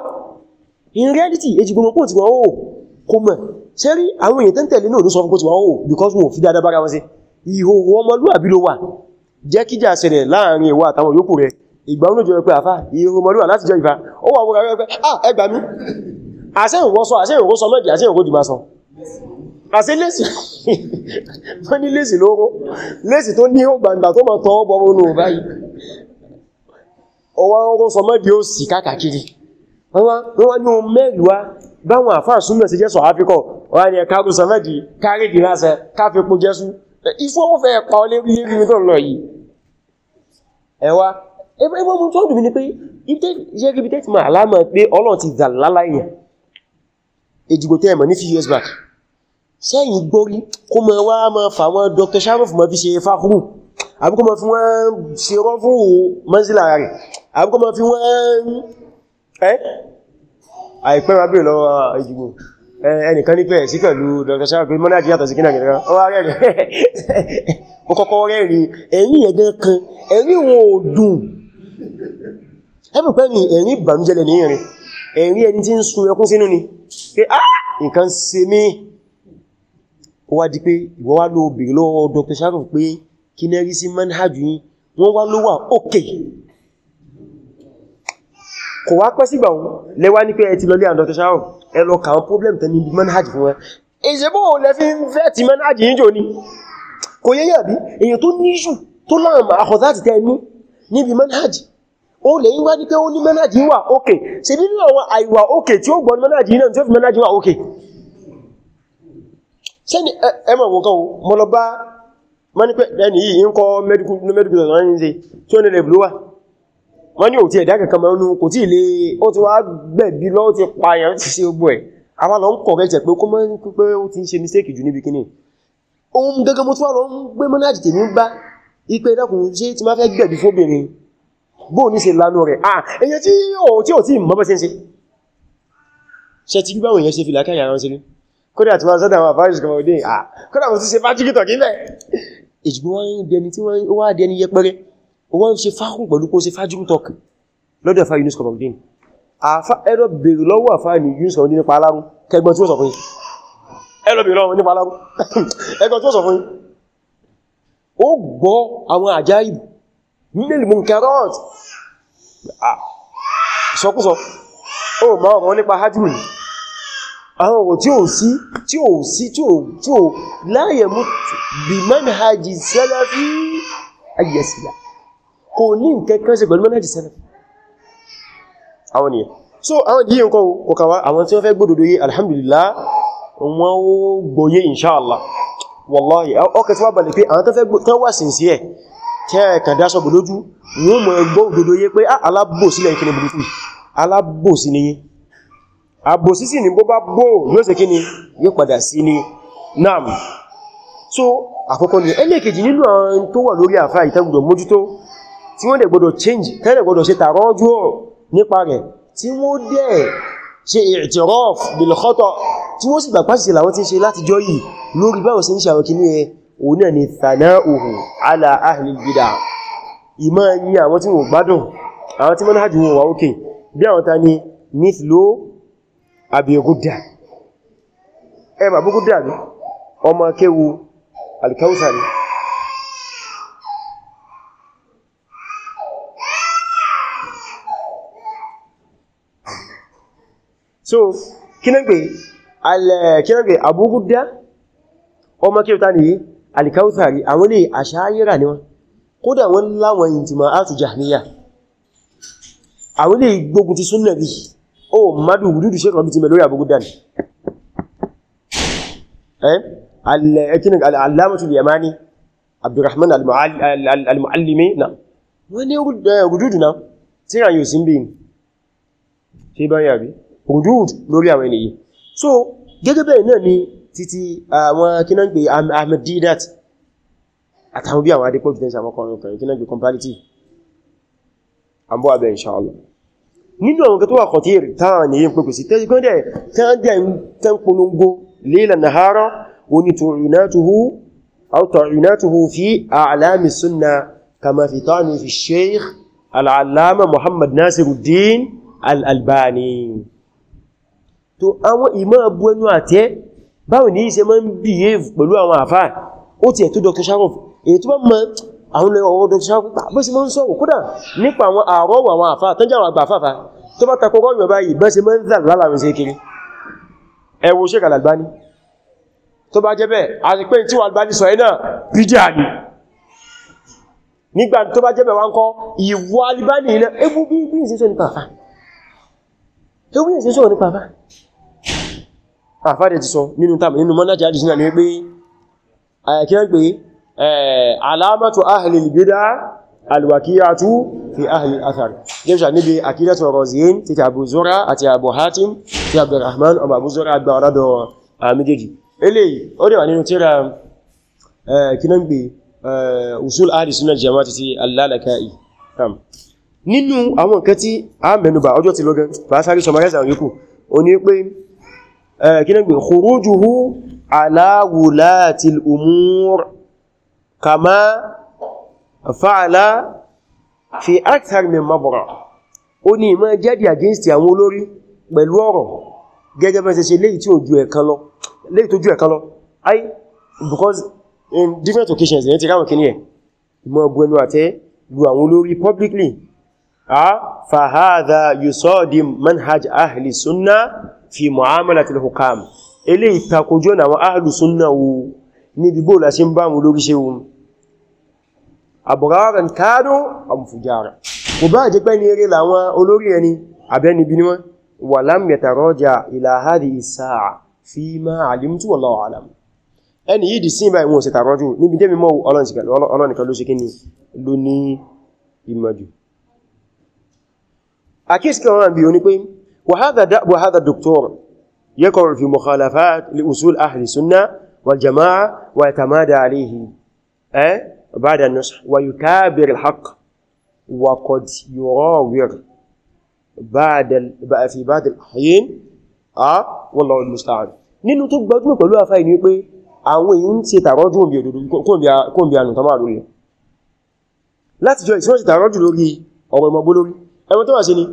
in reality èjì e gbogbo kò ti wà wọ́n ò kò mọ̀ ṣe rí àwọn èyàn tẹ́ntẹ̀lé náà ló sọ fún kò ti wà wọ́n ò because wọn ò fi dáadáa bára wọn sí ihò ọmọlúwàbí ló wà jẹ́ kíjà ṣẹlẹ̀ láàrin ìwà àtàwọn yòókù rẹ̀ ìgbà wọn jọ pé àfá ihò ọmọlúwà láti jẹ́ ìfà ó wà wọ́ra rẹ̀ pé ah ẹgbà mi àṣẹ ìwọ́ sọ àṣẹ ìwọ́ sọ mẹ́jì àṣẹ ìwọ́ jùmọ̀ sọ àṣẹ lẹ́sì wọ́n ní lẹ́sì lóró lẹ́sì tó ní ó gbàǹdà tó mọ̀ tọ́ bọ́ bọ́nú báyìí ọwá ọrún sọmọ́ di ó sì káàkiri wọ́n ní o mẹ́rin wá báwọn àfáà súnmọ̀ sí jésù àfikọ̀ wà ní ẹ̀kàrù sọmọ́dì káàkiri lásẹ̀ káàfikú jésù ifó ó fẹ́ pa olérí lérí tó lọ yìí ẹwà ẹgbẹ́ mú tó dùn ní pé yẹ́rìbí tẹ́tì máa alámọ̀ pé ọlọ́run ti dàlálá èèyàn èjìgbò tẹ́ ẹ̀mọ̀ ní few years back sẹ́yìn gbórí kó mọ̀ wá mọ̀ fàwọn Dr. Sharif mọ̀ fi ṣe fáhùrù àbíkọ́ ma fi wọ́n ṣe rọ́ fún mọ́sílá rẹ̀ àbíkọ́ ma fi wọ́n ẹ́ àìpẹ́ ma bèèrè lọ́wọ́ ìjìgbò ẹnìkan ní pẹ̀ẹ̀ sí pẹ̀lú Dr. Shah pé mọ́nà àjíyàtọ̀ sí kínà gẹ̀rẹ̀ ọwọ́ rẹ̀ rẹ̀ ó kọ́kọ́ rẹ̀ rí ẹ̀yìn ẹ̀gán kan ẹ̀yìn wọn ò dùn ni ẹ̀yìn ìbànújẹ́lẹ̀ ní ìrìn ẹ̀yìn ẹni tí ń sun ẹkún sínú ni pé ah nǹkan ṣe mí ó wá di bèèrè lọ́wọ́ Dr. Shah pé kí ní rí sí manhajù yìí wọ́n wá ló wà òkè kò wá pẹ́ sígbà wọn lẹ́wà ní pé ẹ ti lọ lé àndọ̀ tẹ́ṣàrọ̀ ẹ lọ kàwọn problem tẹ́ níbi manhajù fún ẹ ìṣẹ́bọ̀ lẹ fi ń fẹ́ ti manhajù yìí jò ní kò yẹ́ yàbí èyàn tó níṣù tó láàmà àkọ̀dáti tẹ́ ní níbi manhajù ó lè yíwá ní pé ó ní manhajù wà òkè ṣe bí nínú àwọn àìwà òkè tí ó gbọ́n manhajù náà wọ́n ní pé ẹni yìí ń kọ́ medical ah, science ń ṣe tí ó nílẹ̀ ìblówà wọ́n ní òtí ẹ̀dá kankan mẹ́nu kò tí ilé ó ti wá gbẹ̀bí lọ́wọ́ ti pààyàn ti ṣe ogbò ẹ̀ awálọ́ ń kọ̀ rẹ̀jẹ̀ pé kó mọ́ ní pé ó ti ń ṣe mistake jù níbi kíní ohun gẹ́gẹ́ mo tún wà lọ ń gbé mọ́nájì tèmi ń bá ipe ẹ̀dàkùn ṣe ti máa fẹ́ gbẹ̀bí fóbìnrin bó ní ṣe lánú rẹ̀ èjìgbó wọ́n ń dẹni tí wọ́n wá dẹni yẹpẹrẹ wọ́n ṣe fáhùn pẹ̀lú kó ṣe fájú tọ́k lọ́dọ̀ fa Yunus kọmọdín ẹlọ bèèrè lọ́wọ́ àfá ní Yunus kọmọdín nípa alárun kẹgbọ́n tí ó sọ fún yín ẹlọ bèèrè lọ́wọ́ nípa alárun ẹgbọ́n tí ó sọ fún yín ó gbọ́ àwọn àjáìbù nílùú munkarot ah, sọkúsọ ó máa ọ̀rọ̀ nípa hajjúrù àwọn ọ̀rọ̀ tí ó sí tí ó sí tí ó tí ó láyé mú bí manhaji sálàfí ayyasila kò ní nǹkankan ṣe pẹ̀lú manhaji sálàfí àwọn ni so àwọn yìí nǹkan kọkàwà àwọn tí wọ́n fẹ́ gbódòdó yé alhamdulillah wọ́n ó gbọ́yé inṣáàlá wallahi ọkẹ̀ tí wọ́n balẹ̀ pé àwọn tán wà sínsí ẹ̀ kẹ́ ẹ̀kàn dáṣọ́bù lójú wọ́n mọ̀ ẹgbọ́ òdòdó yé pé ah, alábòsí lẹ́yìn kí ni bùrúkú alábòsí ni yìí àbòsí sì ní bó bá bó yóò ṣe kíni yóò padà sí ni nam so àkọ́kọ́ ni ẹlẹ́kejì nínú àwọn tó wà lórí àfá ìtẹ́gbọ̀dọ̀ mójútó tí wọ́n dẹ̀ gbọdọ̀ change tẹ́lẹ̀ gbọdọ̀ ṣe tààrọ́jú ọ̀ nípa rẹ̀ tí wọ́n dẹ̀ ṣe i'tiraf bil khata tí wọ́n sì gbà pàṣẹ làwọn ti ń ṣe láti jọ yìí lórí báwọn sí ń ala ahli bid'ah ìmọ̀ ní àwọn tí wọ́n gbádùn àwọn tí manhaj wọn wà òkè bí àwọn ni mithlo àbí gúdà ẹmà bú gúdà ní ọmọ kéwu alkausa ní so kínàgbé alẹ́kínàgbé àbú gúdà ọmọ kéwu ta ní alkausa ní àwọn ilé àṣáyíra ni wọn kódà wọn láwọn ìntìmọ̀ àti jahmiya àwọn ilé gbógun ti súnnà bíi ó mọ́dù wùdúdù ṣe kọ̀bí ti mẹ́ lórí àbúgúdà ní ẹkínà alámọ̀tún yamani abdurrahman al-mu'allimi na wọ́n ní wùdúdù eh, na tí ra yóò sí bí ṣe bá yà bí wùdúdù lórí àwọn ènìyàn so gẹ́gẹ́ bẹ́ẹ̀ náà ni títí àwọn kíná ń pè ahmed didat àtàwọn bí àwọn adépọ̀ jù tẹ́sí àwọn ọkọ̀ ọ̀rọ̀ kan kíná ń pè comparative àbọ̀ abẹ́ inshallah nínú àwọn kẹtọ́wà kọ̀tíyèrè táà ní yí pẹ̀kù sí tẹ́jẹ́ polongo lélà nàhárá oní tọ̀rìnàtùhù fi àlàmì súnna kama fi tọ́ni fi sheikh al'alama muhammad nasiruddin al'albani to àwọn ìmọ̀ abuwanu àtẹ́ báwọn ní ìṣe ma ń bí pẹ̀lú àwọn àfáà ó ti ẹ̀ tó dr sharof èyí tó bá àwọn ọwọ́ dr shaw pípa bó sì mọ́ ń sọ̀rọ̀ kódà nípa àwọn àrọ́wọ̀ àwọn àfá tán jàwọn àgbà àfáfá tó bá takọrọ yọ báyìí bá sì mọ́ ń zà lálàrin sí kiri ẹ wo Sheikh albani tó bá jẹ́ bẹ́ẹ̀ a ti pé tí wọ́n Albani sọ iná bídíà ni nígbà tó bá jẹ́ bẹ́ẹ̀ wọ́n kọ́ ìwọ Albani iná ewu bí bí ìsinsọ́ nípa àfá ewu ìsinsọ́ nípa àfá àfá dẹ̀ ti sọ nínú tàbí nínú mọ́nájà àdìsínà ni wípé àyàkí wọ́n pé Eh, alamatu ahli al-bid'ah alwakiyatu fi ahli athar jẹ́ṣà níbi akídàtù rọ̀zíyìn ti ta abu zura àti abu hatim ti abdurrahman ọmọ abu zura gba ọ̀rọ̀dọ̀ àmìjèjì ilé ó dẹ̀wà nínú tíra eh, kínangbe eh, usul ahli suna jama ti alalaka'i nínú àwọn nǹkan tí a mẹ́nubà ọjọ́ ti lọ́gán bá sáré sọmarẹ́sà yóò o ní pé kínangbe khurujuhu ala wulatil umur كما فعل في akthar من mabra ó ní ma jadi against àwọn olórí pẹ̀lú ọ̀rọ̀ gẹ́gẹ́ bá ṣe ṣe léyìí tí ó ju ẹ̀kan lọ léyìí tó ju ẹ̀kan lọ ai because in different occasions ni ti rawon kini e mo bu ẹnu àtẹ́ lu àwọn olórí publicly ah fa hadha yusadim manhaj ahli sunna fi muamalat al hukam eléyìí ta ko jona àwọn ahli sunna níbi bó la ṣe ń bá mú lórí ṣe ohun àbúráwárán káàdù àmùfùjára kò bá jẹ́ pẹ́ ní eré làwọn olórí ẹni abẹ́ni bí níwọ́n wà lámẹ́ta rọ́jà ìlàhádì ìsáà fi ma alimtu wallahu alam ẹni yìí dì sí ìbá ìwọ̀n sí tàrọ́jù níbi dẹ́mi mọ́ ọlọ́nìkan ló ṣe kí ni ló ní والجماعة ويتمادى عليه أه؟ بعد النصح ويكابر الحق وقد يراور بعد بقى في بعض الأحيان أه؟ والله المستعان nínú tó gbajúmọ̀ pẹ̀lú afáì ní pé àwọn èyí ń ṣe tààrọ́jù omi òdòdó kóòmì ànù tàmà lórí láti jọ ìsìnwọ́n ṣe tààrọ́jù lórí ọ̀rọ̀ ìmọ̀gbó lórí ẹwọ́n tó wà sí ni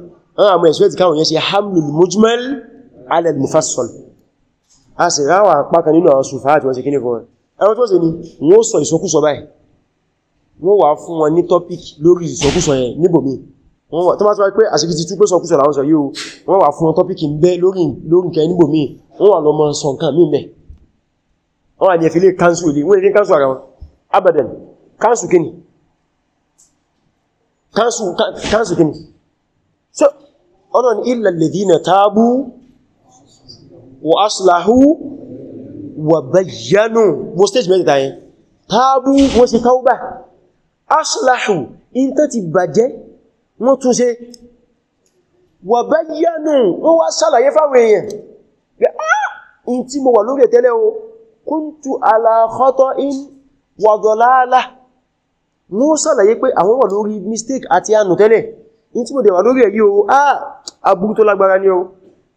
àwọn àmọ́ ẹ̀sùwẹ́ ti káwọn yẹn ṣe hamlin mujmal alal mufassal a sì ráwà apákan nínú àwọn sùfà àti wọ́n ṣe kíní fún ẹwọ́n tó sì ni wọ́n sọ ìsọkúsọ báyìí wọ́n wà fún wọn ní topic lórí ìsọkúsọ yẹn níbòmí tó bá tó wá pé àṣíkí ti tú pé sọkúsọ làwọn sọ yóò wọ́n wà fún wọn topic ń bẹ lórí nǹkan níbòmí wọ́n wà lọ mọ sọ nǹkan mí mẹ́ wọ́n wà ní ẹ̀fílé kánsù ilé wọ́n lè kánsù ara wọn abadan kánsù kíni kánsù kíni so ọlọ́ni illa alladhina wa aslahu wa bayyanu mo stage mẹ́ta yẹn tábú wọ́n ṣe taubá aslahu in tó ti bàjẹ́ wọ́n tún ṣe wa bayyanu wọ́n wá sàlàyé fáwọn èèyàn pé ah in tí mo wà lórí ẹ̀tẹ́lẹ̀ o kuntu ala khata'in wa dalalah wọ́n sàlàyé pé tẹ́lẹ̀ o ah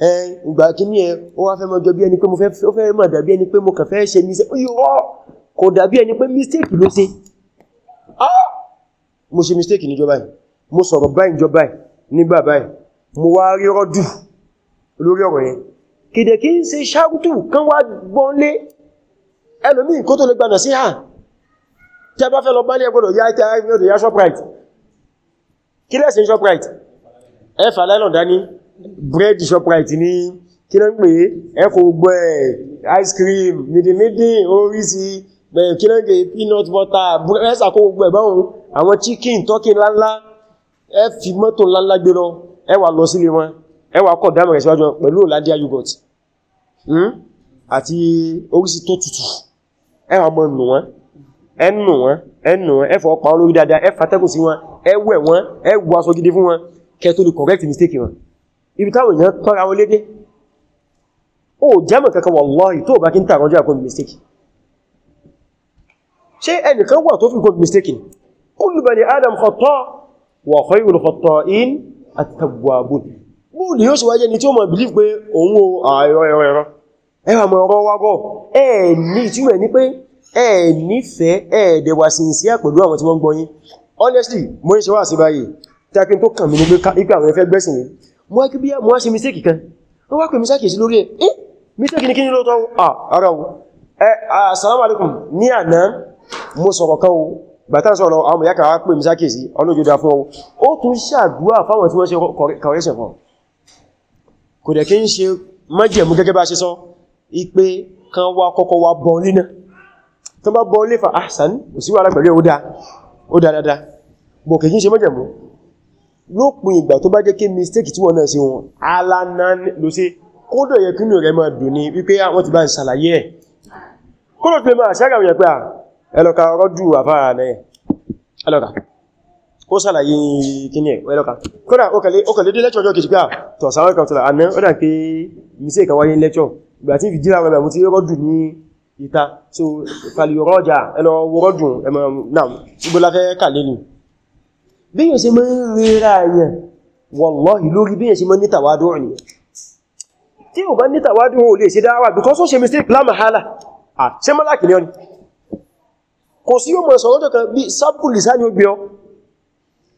ìgbà kíní ẹ ó wá fẹ́ mọ́ jọ bí ẹni pé mo fẹ́ mọ́ dàbí ẹni pé mo kàn fẹ́ ṣe mistake yíò kò dàbí ẹni pé mistake ló ṣe mo ṣe mistake níjọ báyìí mo sọ̀rọ̀ báyìí níjọ báyìí nígbà báyìí mo wá rí rọ́dù lórí ọ̀rọ̀ yẹn kìdẹ̀ kí ń ṣe ṣáàkútù kan wá gbọ́n lé ẹlòmíì kó tó lè gbanà sí hà tí a bá fẹ́ lọ bá ní ẹgbọ́dọ̀ yá ìtẹ́ ẹgbọ́dọ̀ yá shoprite kí lẹ́sìn shoprite ẹfà láìlọ̀dá ní Bread, shoprite ní kí ló ń pè ẹkọ̀ gbọ́ ẹ̀ ice cream mìdìmìdì oríṣi kí ló ń pè peanut butter ẹ̀sà kó gbọ́ ẹ̀báhùn àwọn chicken turkey ńláńlá ẹ fi mọ́tò ńláńlá gbé lọ ẹ wá lọ sílé wọn ẹ wá kọ̀ dámẹ̀rẹ̀ síwájú pẹ̀lú òládíá yogurt hmm, àti oríṣi tó tutù ẹ wá mọ́ nù wọn ẹnu wọn ẹnu wọn ẹ fọ́ pa olórí dáadáa ẹ fatẹ́kùn sí wọn ẹ wẹ̀ wọn ẹ wọ aṣọ gidi fún wọn kẹ́ tó correct mistake wọn ibi táwọn èèyàn tọ́ra wọn lédé ó jẹ́mọ̀ kankan wallahi tó bá kí ń tàrànjọ́ àkóbi mistake ṣe ẹnìkan wà tó fi kó mistake kullu bani adam khata wa khayrul khata'in at-tawwabun bú ni yóò sì wájẹ́ ni tí ó mọ̀ believe pé òun o ẹ̀rọ ẹ̀rọ honestly mo ń ṣe wà sí báyìí takin tó kàn mí mo wá kí bí mo wá sí mistake kan wọ́n wá pè mí sákèsí lórí ẹ̀ mistake ní kí ní lóòtọ́ ara o assalamu alaikum ní àná mo sọ̀rọ̀ kan o bàtà sọ̀rọ̀ àwọn ìyá kan pè mí sákèsí ọlójódá fún ọwọ́ ó tún ṣàdúwà fáwọn tí wọ́n ṣe correction fún kò dẹ̀ kí ń ṣe májẹ̀mú ahsan kò sí wà lápẹ̀lú ó dá dáadáa bò kì í lópin ìgbà tó bá jẹ́ kí mistake tí wọ́n náà sí wọn alana ló sí kódò yẹ kínú rẹ̀ máa dùn ní wípé ah, wọ́n ti bá ń sàlàyé ẹ̀ kódò tó máa ṣẹ́gà wọ́n yẹ pé ah, ẹlọ́ka rọ́dù àfáà náà ẹlọ́ka ó sàlàyé kíní ẹlọ́ka kódà ókàlé dé lẹ́tọ̀ ọjọ́ kejì pé ah, tọ̀sàwọ́ kan tọ̀lá àná ó dà pé mistake kan wáyé lẹ́tọ̀ ìgbà tí ìfìjìlá rẹ̀ mú ti rọ́dù ní ìta so pàlì rọ́jà ẹlọ́wọ́ rọ́dù ẹmọ náà gbọ́láfẹ́ kàlẹ́ ni bí yíò ṣe máa ń rírà yẹn wallahi lórí bí yíò ṣe máa ń nítàwádùn òní tí ò bá nítàwádùn ò lè ṣe dáwà because ó ṣe mistake la mahala ṣe mọ́láàkì ní ọ́ni kò sí yóò mọ̀ sọ̀rọ̀jọ̀ kan bí sábkù lisani ó gbé ọ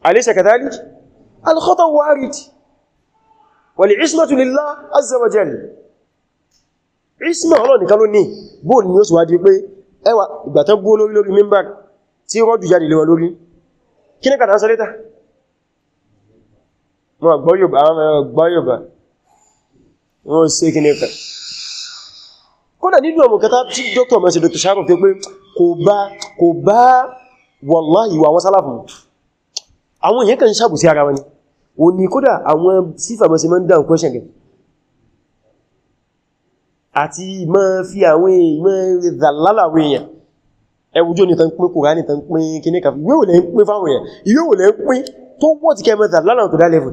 alaysa kadhalik al-khata warid wal-ismatu lillah azza wa jalla rọ́jù jáde lé lórí kí ní kàdà sọ létà wọn gbọ́ Yorùbá àwọn ọmọ gbọ́ Yorùbá wọn ṣe kí ní kàdà kódà nínú ọmọ kẹta tí dókítà ọmọ ṣe dókítà sáàrùn tó pé kò bá kò bá wàláhì ìwà àwọn sálàfù àwọn èèyàn kan ṣàbùsí ara wọn ni o ní kódà àwọn sífà mọ́ mọ́ ń dáhùn question gẹ̀ àti mọ́ fi àwọn èèyàn mọ́ dàlálà èèyàn ẹwùjọ́ ní tán pín kòránì tán pín kìní kàfí ìwé òlẹ̀ ń pín fáwọn èèyàn ìwé òlẹ̀ ń pín tó wọ́n ti kẹmẹ́ta lánà tó dá lẹ́fù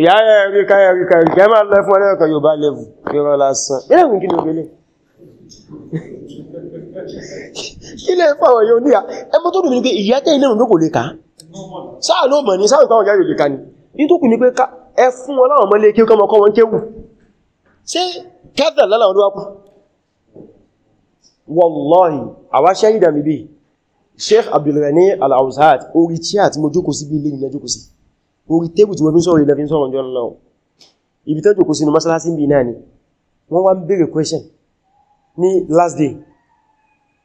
ìyá ẹ̀ríkà ẹ̀ríkà ẹ̀ríkà ẹ̀mà lẹ́fún ọlẹ́ọ̀kan yóò bá lẹ́fù yọ́rọ̀ lásán ẹ̀rùn kí ni ó gbélé kí lẹ́ fáwọn yóò ní ẹmọ tó dùn ní pé ìyá tẹ́ ilé òun kò lè ká sáà ló wallahi àwa ṣẹ́yìdà mi bí sheikh abdulghani al-awzat orí tí àti mo jókòó sí bí ilé ìlẹ́ jókòó sí orí tébù tí wọ́n fi sọ̀rọ̀ ilẹ̀ fi sọ̀rọ̀ jọ lọ ibi tẹ́ jókòó sínú masalasi bí náà ni wọ́n wá ń bèèrè question ní last day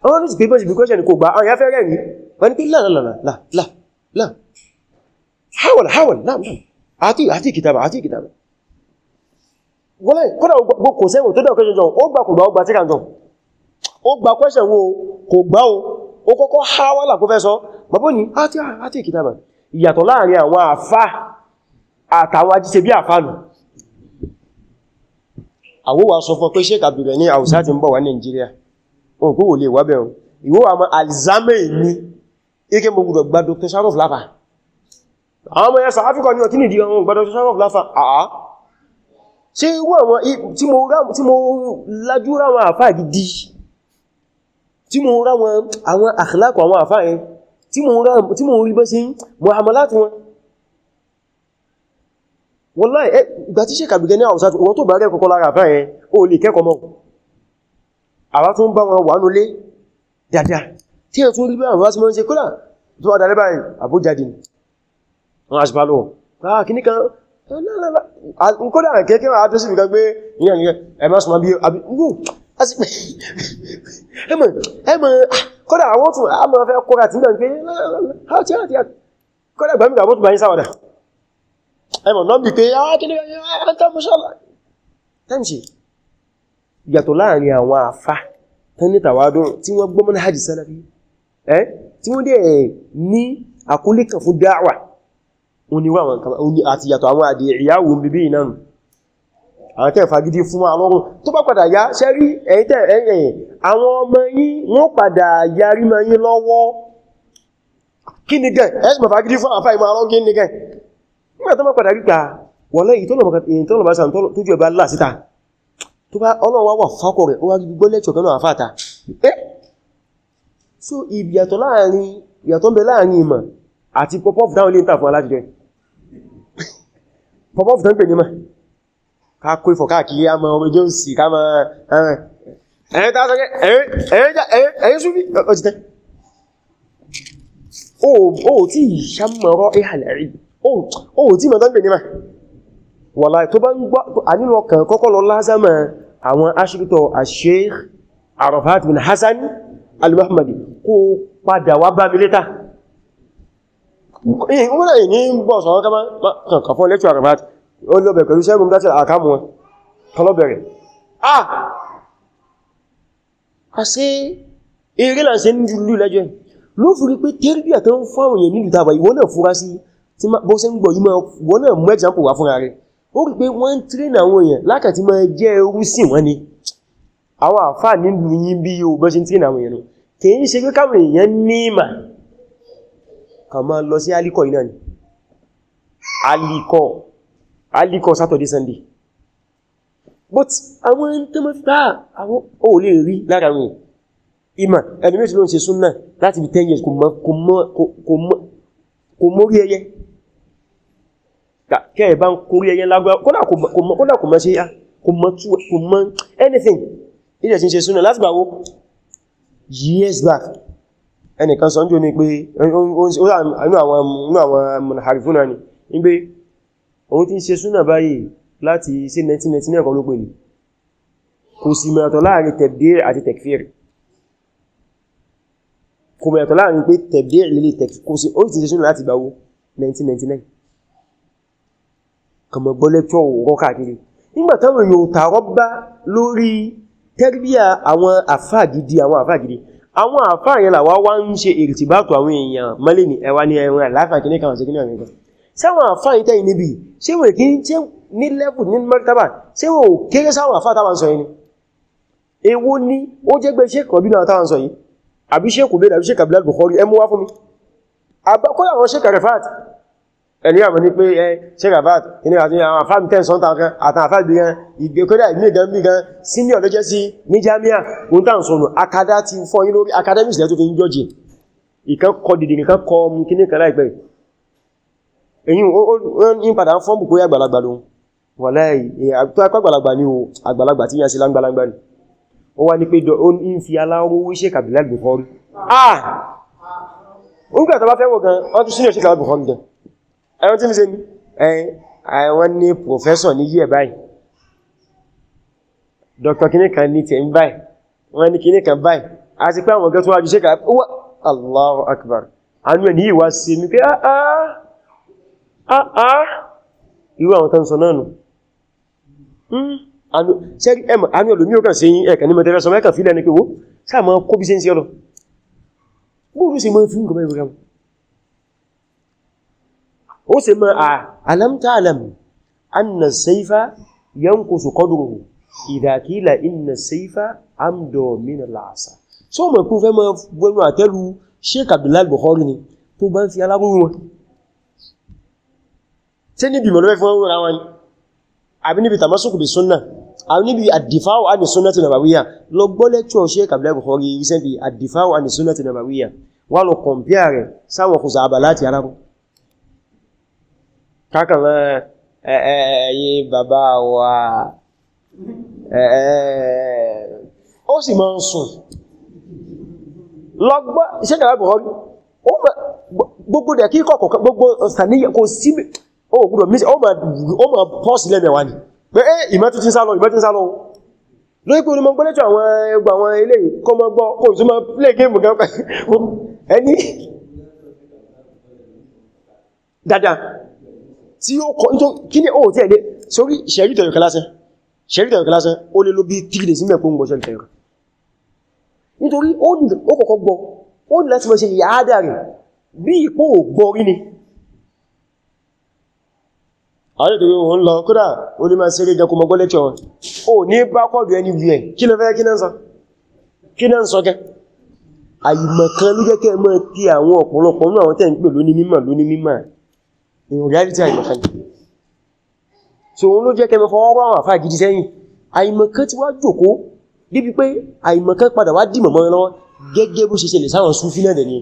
àwọn ní ti pé bọ́jì bí question kò gbà àwọn yáfẹ́ rẹ̀rí wọ́n ni pé láàlá hawala hawala náà àti àti kìtàbà àti kìtàbà wọ́n lẹ́ kọ́dà gbogbo kò sẹ́wọ̀n tó dọ̀ kẹjọ jọ ó gbà kò gbà ó gbà tí kà jọ ó gba question wo kò gbá o ó kọ́kọ́ há wálà kó fẹ́ sọ bàbá ní àti ìkìtàbà ìyàtọ̀ láàrin àwọn àfá àtàwọn ajíṣẹ́ bí àfá nù àwọ́wà sọ fún pé Sheikh Abdul ní àwùsá ti ń bọ̀ wá Nàìjíríà wọn kó wò lè wá bẹ̀rún ìwọ́wà mọ́ alzheimer ní ike mo gbọdọ̀ gba Dr. Africa ní ọ̀tí nìdí àwọn gbọdọ̀ Sharof Lafa àá ṣe irú àwọn tí mo lájú ráwọn àfá gidi tí mo rá wọn àwọn àkìlákọ̀ àwọn àfáà yẹn tí mo rí bẹ́ sí muamalat wọn wallahi ìgbà tí ṣe kàbìgẹ́ ní àwọn sáàtù wọ́n tó bá rẹ̀ kọ́kọ́ lára àfáà yẹn ó lè kẹ́kọ̀ọ́ mọ́ àwa tún bá wọn wà nulé dáadáa tí ẹ̀ tún rí bẹ́ àwọn símọ́ ń ṣe kúrà tó wà dáadáa báyìí àbújáde wọn àṣìpá lọ ah, kíní kan ah, ah, kódà kẹ́kẹ́ ẹmọ̀ ẹmọ̀ kọ́dà àwọn tún a máa fẹ́ kọ́ra tí náà pé láti láti kọ́dà gbàmìgbà mọ́tù bá yí sáwọ̀dà ẹmọ̀ náà bí pé àwákílẹ̀ àtàmùsọ́lá tẹ́mṣì yàtọ̀ láàrin àwọn àfá tán ní tàwádùn tí wọ́n gbọ́ mọ́nà hajji sálàfí ẹ́ tí wọ́n dẹ̀ ní àkúlé kan fún dáwà òní àti yàtọ̀ àwọn àdìyàwó bíbí náà àwọn tẹ́ fagidi fún alọ́run tó bá padà yá sẹ́rí ẹ̀yìn tẹ́ ẹ̀yìn àwọn ọmọ yín wọ́n padà yarí ma yín lọ́wọ́ kí ni gẹ́ ẹ̀sùn fagidi fún àfá ìmọ̀ alọ́run kí ni gẹ́ nígbà tó bá padà rípa wọlé ìtọ́lọ̀mọ̀ àti pop-off down lè ń tà fún alájẹ́ pop-off down pè ní mọ́ a kó ìfọ̀ káàkiri a mọ ọmọ jones ká mọ ẹ̀yìn tá a sọ ẹ̀yìn súnfí ó ti tí ìṣàmọ̀rọ̀ ìhàlẹ̀ rí tí mọ̀ tọ́gbẹ̀ níma wàlá tó bá ń gbọ́ ànílọ kàn kọ́kọ́ lọ lázàmà ó lọ bẹ̀rẹ̀ pẹ̀lú ṣẹ́gun dátí àkámù wọn kọlọ́bẹ̀rẹ̀ ah a sí eré là ń ṣe níjú lú lẹ́jọ́ ló fúrí pé tẹ́rìbíà tó ń fáwọn èèyàn nílùú tàbà ìwọ náà fúra sí tí bó ṣe ń gbọ̀ yíma wọ́n náà mú example wá fúnra rẹ̀ ó rí pé wọ́n ń tírínà àwọn èèyàn lákàtí máa jẹ́ ẹrú sí wọ́n ni àwọn àfà nílùú yín bí o bọ́ ṣe ń tírínà àwọn èèyàn kì í ṣe pé káwọn èèyàn ní ìmà kà máa lọ sí alikọ iná ni alikọ alíkọ̀ Saturday Sunday but àwọn tó mọ́ fífà àwọn ò lè rí lára wọn ìmọ̀ ẹlùmí tí ló ń ṣe súnnà láti bí 10 years kò mórí ẹyẹ kẹ́ẹ̀ bá ń kórí ẹyẹ lágbára kódà kò mọ́ ṣe yá kò mọ́ anything ilẹ̀ tí ń ṣe súnnà láti gbàwó years back ẹnìkan sọ ń jò ní pé ó àwọn àwọn mọ̀nà harifuna ni òun ti ṣe súnà báyìí láti sí 1999 ẹ̀kọ́ ló pè ní kò sì mẹ́rẹ̀tọ̀ láàrin tẹ̀bdíẹ̀ àti tẹ̀kfíìrì kò mẹ́rẹ̀tọ̀ láàrin pé tẹ̀bdíẹ̀ lílé tẹ̀kfíìrì kò sí ó ti ṣe súnà láti gbáwó 1999 kàmọ̀ lórí tẹ́rbíà àwọn àfáà gidi àwọn àfáà gidi àwọn àfáà yẹn làwá wá ń ṣe ìrìtìbátò àwọn èèyàn mọ́lẹ̀ ní ẹwà ní ẹran àláfà kìnnìkan àti kìnnìkan sáwọn àfá ìtẹ́ ìníbi ṣe wè kí ní lẹ́bù ní mẹ́rítàbà ṣe wò kéré sáwọn àfá tàbà ń sọ yìí èwo ni ó jẹ́ gbé ṣe kọ̀bí náà tàbà ń sọ yìí àbí ṣe kò bèèrè àbí ṣe kàbílá Bukhari ẹmú wá fún mi àbákọ́lá àwọn ṣe kàrẹ̀fàt ẹni àmọ́ ní pé ṣe kàrẹ̀fàt ní àti àwọn àfá mi tẹ́sán tàkan àtàn àfá bí gan ìgbékọ́dà ìmí gan bí gan senior ló jẹ́ sí ní jamia ohun tàn sọnù akadá ti fọ́ yín lórí academics lẹ́tọ́ fi ń jọ́jì ìkan kọ dìdì nìkan kọ mú kíní kan láìpẹ́ èyí ní padà ń fọ́nbù kó yá àgbàlagbà lóhun wàláì àgbàlagbà ní o àgbàlagbà tí yá sí lágbàlagbà ní ó wá ní pé ó ń fi aláwọ̀ wíṣẹ́ kàbílá Bukhari ah ó ń gbàtà bá fẹ́ wọ̀ gan wọ́n tún sínú ìṣẹ́kàlá Bukhari gan ẹran tí mi ṣe ní ẹ̀yìn àwọn ní professor ní yíẹ̀ báyìí dr kìnníkan ní tẹ̀ ń báyìí wọ́n ní kìnníkan báyìí àti pé àwọn gan tó wájú ṣẹ́kàlá Allahu akbar anú ẹ̀ ní ìwá sí mi pé ah ah Ah, ah. irú àwọn tán sọ náà nù hmm. àmì olùmí ò kàn sí ẹ̀kà ní mẹ́tẹ̀rẹ́ sọ mẹ́kàn fílẹ̀ ní pé wó sáà mọ́ kó bí sí ń sí ọlọ bóòrú sí mọ́ fún ìgbẹ̀mọ́ ìgbẹ̀mọ́ ó so mọ̀ kún fẹ́ mọ́ gbẹ́nu àtẹ́lu Sheikh Abdullahi Bukhari ni tó bá ń fi alágún wọn tí níbi mọ̀ lọ́fẹ́ fún ọ̀rọ̀ wọn àbí níbi tàmásùkù bí súnnà àbí níbi àdìfáwò àni súnnà ti nàbàwíyà lọ gbọ́ lẹ́kṣọ́ ṣe kàbílẹ̀kù kọrí recently àdìfáwò àni súnnà ti nàbàwíyà wà lọ kọmpíà rẹ̀ sáwọn kùsà àbàlá ti arákù kákàlá ẹ̀yẹ bàbá wa ó sì máa ń sùn lọ́gbọ́ ìṣẹ́kàlá ó gbọ́dọ̀ mí ó ma pọ́sì lẹ́mẹ̀wá ni pé é ìmẹ́tún tí ń sálọ ìmẹ́tún sálọ lórí pé olùmọ̀ gbọ́lẹ́tọ̀ àwọn ẹgbà àwọn ilé kọ́ mọ́ gbọ́ kò tún mọ́ play game gan ẹni dada tí ó kọ́ ní kí ní òòtí oh, ẹ̀lẹ́ sórí ṣẹ̀rí tẹ̀yọ̀kẹ́ lásán ṣẹ̀rí tẹ̀yọ̀kẹ́ lásán ó lé ló bí 3 days mẹ́kún gbọ́ ṣẹ̀rí tẹ̀yọ̀kẹ́ nítorí ó kọ̀kọ́ gbọ́ ó láti mọ́ ṣe ìyá ádà rẹ̀ bí ìpó ògbọ́ rí ni àrídìrí òun lọ kódà ó ní máa ṣeré jẹ́ kó mọ́gbọ́ lẹ́tọ̀ wọn ó ní bá kọ́dù ẹni bí ẹ̀ kí lọ fẹ́ kí náà sọ kí náà sọ kẹ́ àìmọ̀kan ló jẹ́ kẹ́ mọ́ tí àwọn ọ̀pọ̀lọpọ̀ ní àwọn tẹ́ ń pè lóní mímọ̀ lóní mímọ̀ in reality àìmọ̀kan so òun ló jẹ́ kẹ́ mọ́ fọwọ́ àwọn àfáà gidi sẹ́yìn àìmọ̀kan ti wá jòkó débi pé àìmọ̀kan padà wá dìmọ̀ mọ́ lọ́wọ́ gẹ́gẹ́ bó ṣe ṣẹlẹ̀ sáwọn súfí náà dẹ̀ ni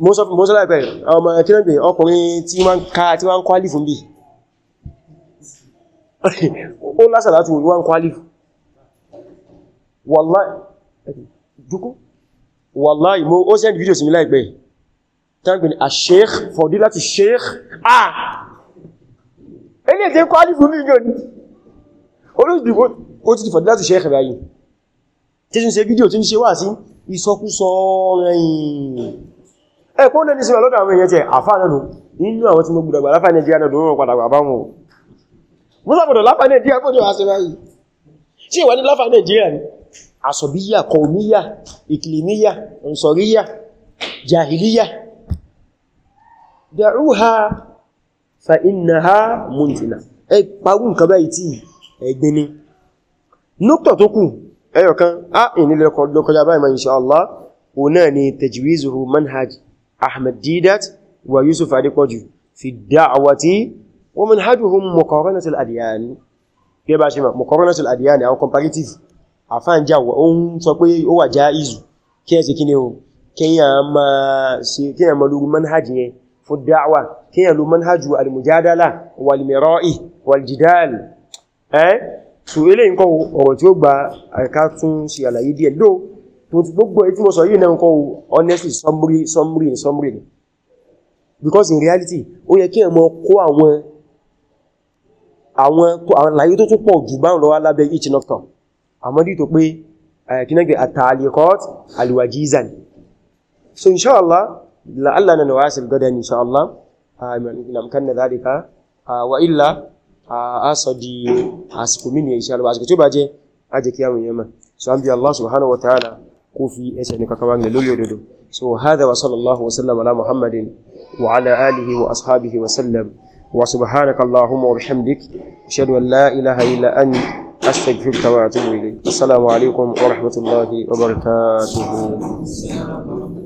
mọ́sọ́lá ìpẹ́ ọmọ kílẹ̀gbẹ̀ ọkùnrin tí wọ́n ká tí wọ́n kwálì fún bí ó lásàlá tí wọ́n kwálì fún wàláì mọ́ ó sẹ́ndì fídíò sí mi láìpẹ́ tágbìn a sheikh fọ̀dí láti sheikh a ẹni ẹ̀tẹ́ kwálì fún mílíọ̀ ní olóòdìbò ẹ̀kọ́ lè ní sí ọlọ́dọ̀ àwọn èèyàn tẹ́ àfáà nánú inú àwọn tí mo gbùdàgbà láfà nàìjíríà náà lóòrùn padà bàbá wọn mo sàbọ̀dọ̀ láfà nàìjíríà kó ní wá sí báyìí tí ìwà ní láfà nàìjíríà ni asọ̀bíyà kọ̀ọ̀míyà ìkìlìmíyà ǹsọ̀ríyà jahiliya da'uha fa innaha muntina ẹ pàwù nǹkan báyìí tí ẹgbin ni nọ́tọ̀ tó òun náà ni tajwizuhu manhaj ahmed didat wa yusuf adepoju fi da'awati wa manhajuhum muqaranatul adyan gẹ́gẹ́ bá ṣe mọ̀ muqaranatul adyan àwọn comparative àfáànjá ó ń sọ pé ó wà já ìzù kí ẹ sì kí ni o kíyàn ma lórí manhaj yẹn fún da'wa kíyàn lórí manhaj al-mujadala wal-mira'i wal gbogbo èyí tí mo sọ yìí náà kọ́ honestly summary summary in summary ni because in reality ó yẹ kí ẹ mọ̀ kó àwọn àwọn àlàyé tó tún pọ̀ jù báhùn lọ wá lábẹ́ each and after àmọ́dí tó pé eh, kínẹ́gẹ̀ at-ta'liqat al-wajizan so inshallah la'allana nawasil gadan inshallah namkan ah, na dhalika ah, wa illa ah, aso di àsìkò mini inshallah àsìkò tí ó bá jẹ́ ajẹ́kí àwọn yamma so an bi Allah subhanahu wa ta'ala كوفي اسعني ككوان لولو سو هذا وصلى الله وسلم على محمد وعلى آله وأصحابه وسلم وسبحانك اللهم وبحمدك أشهد أن لا إله إلا أنت أستغفرك وأتوب إليك السلام عليكم ورحمة الله وبركاته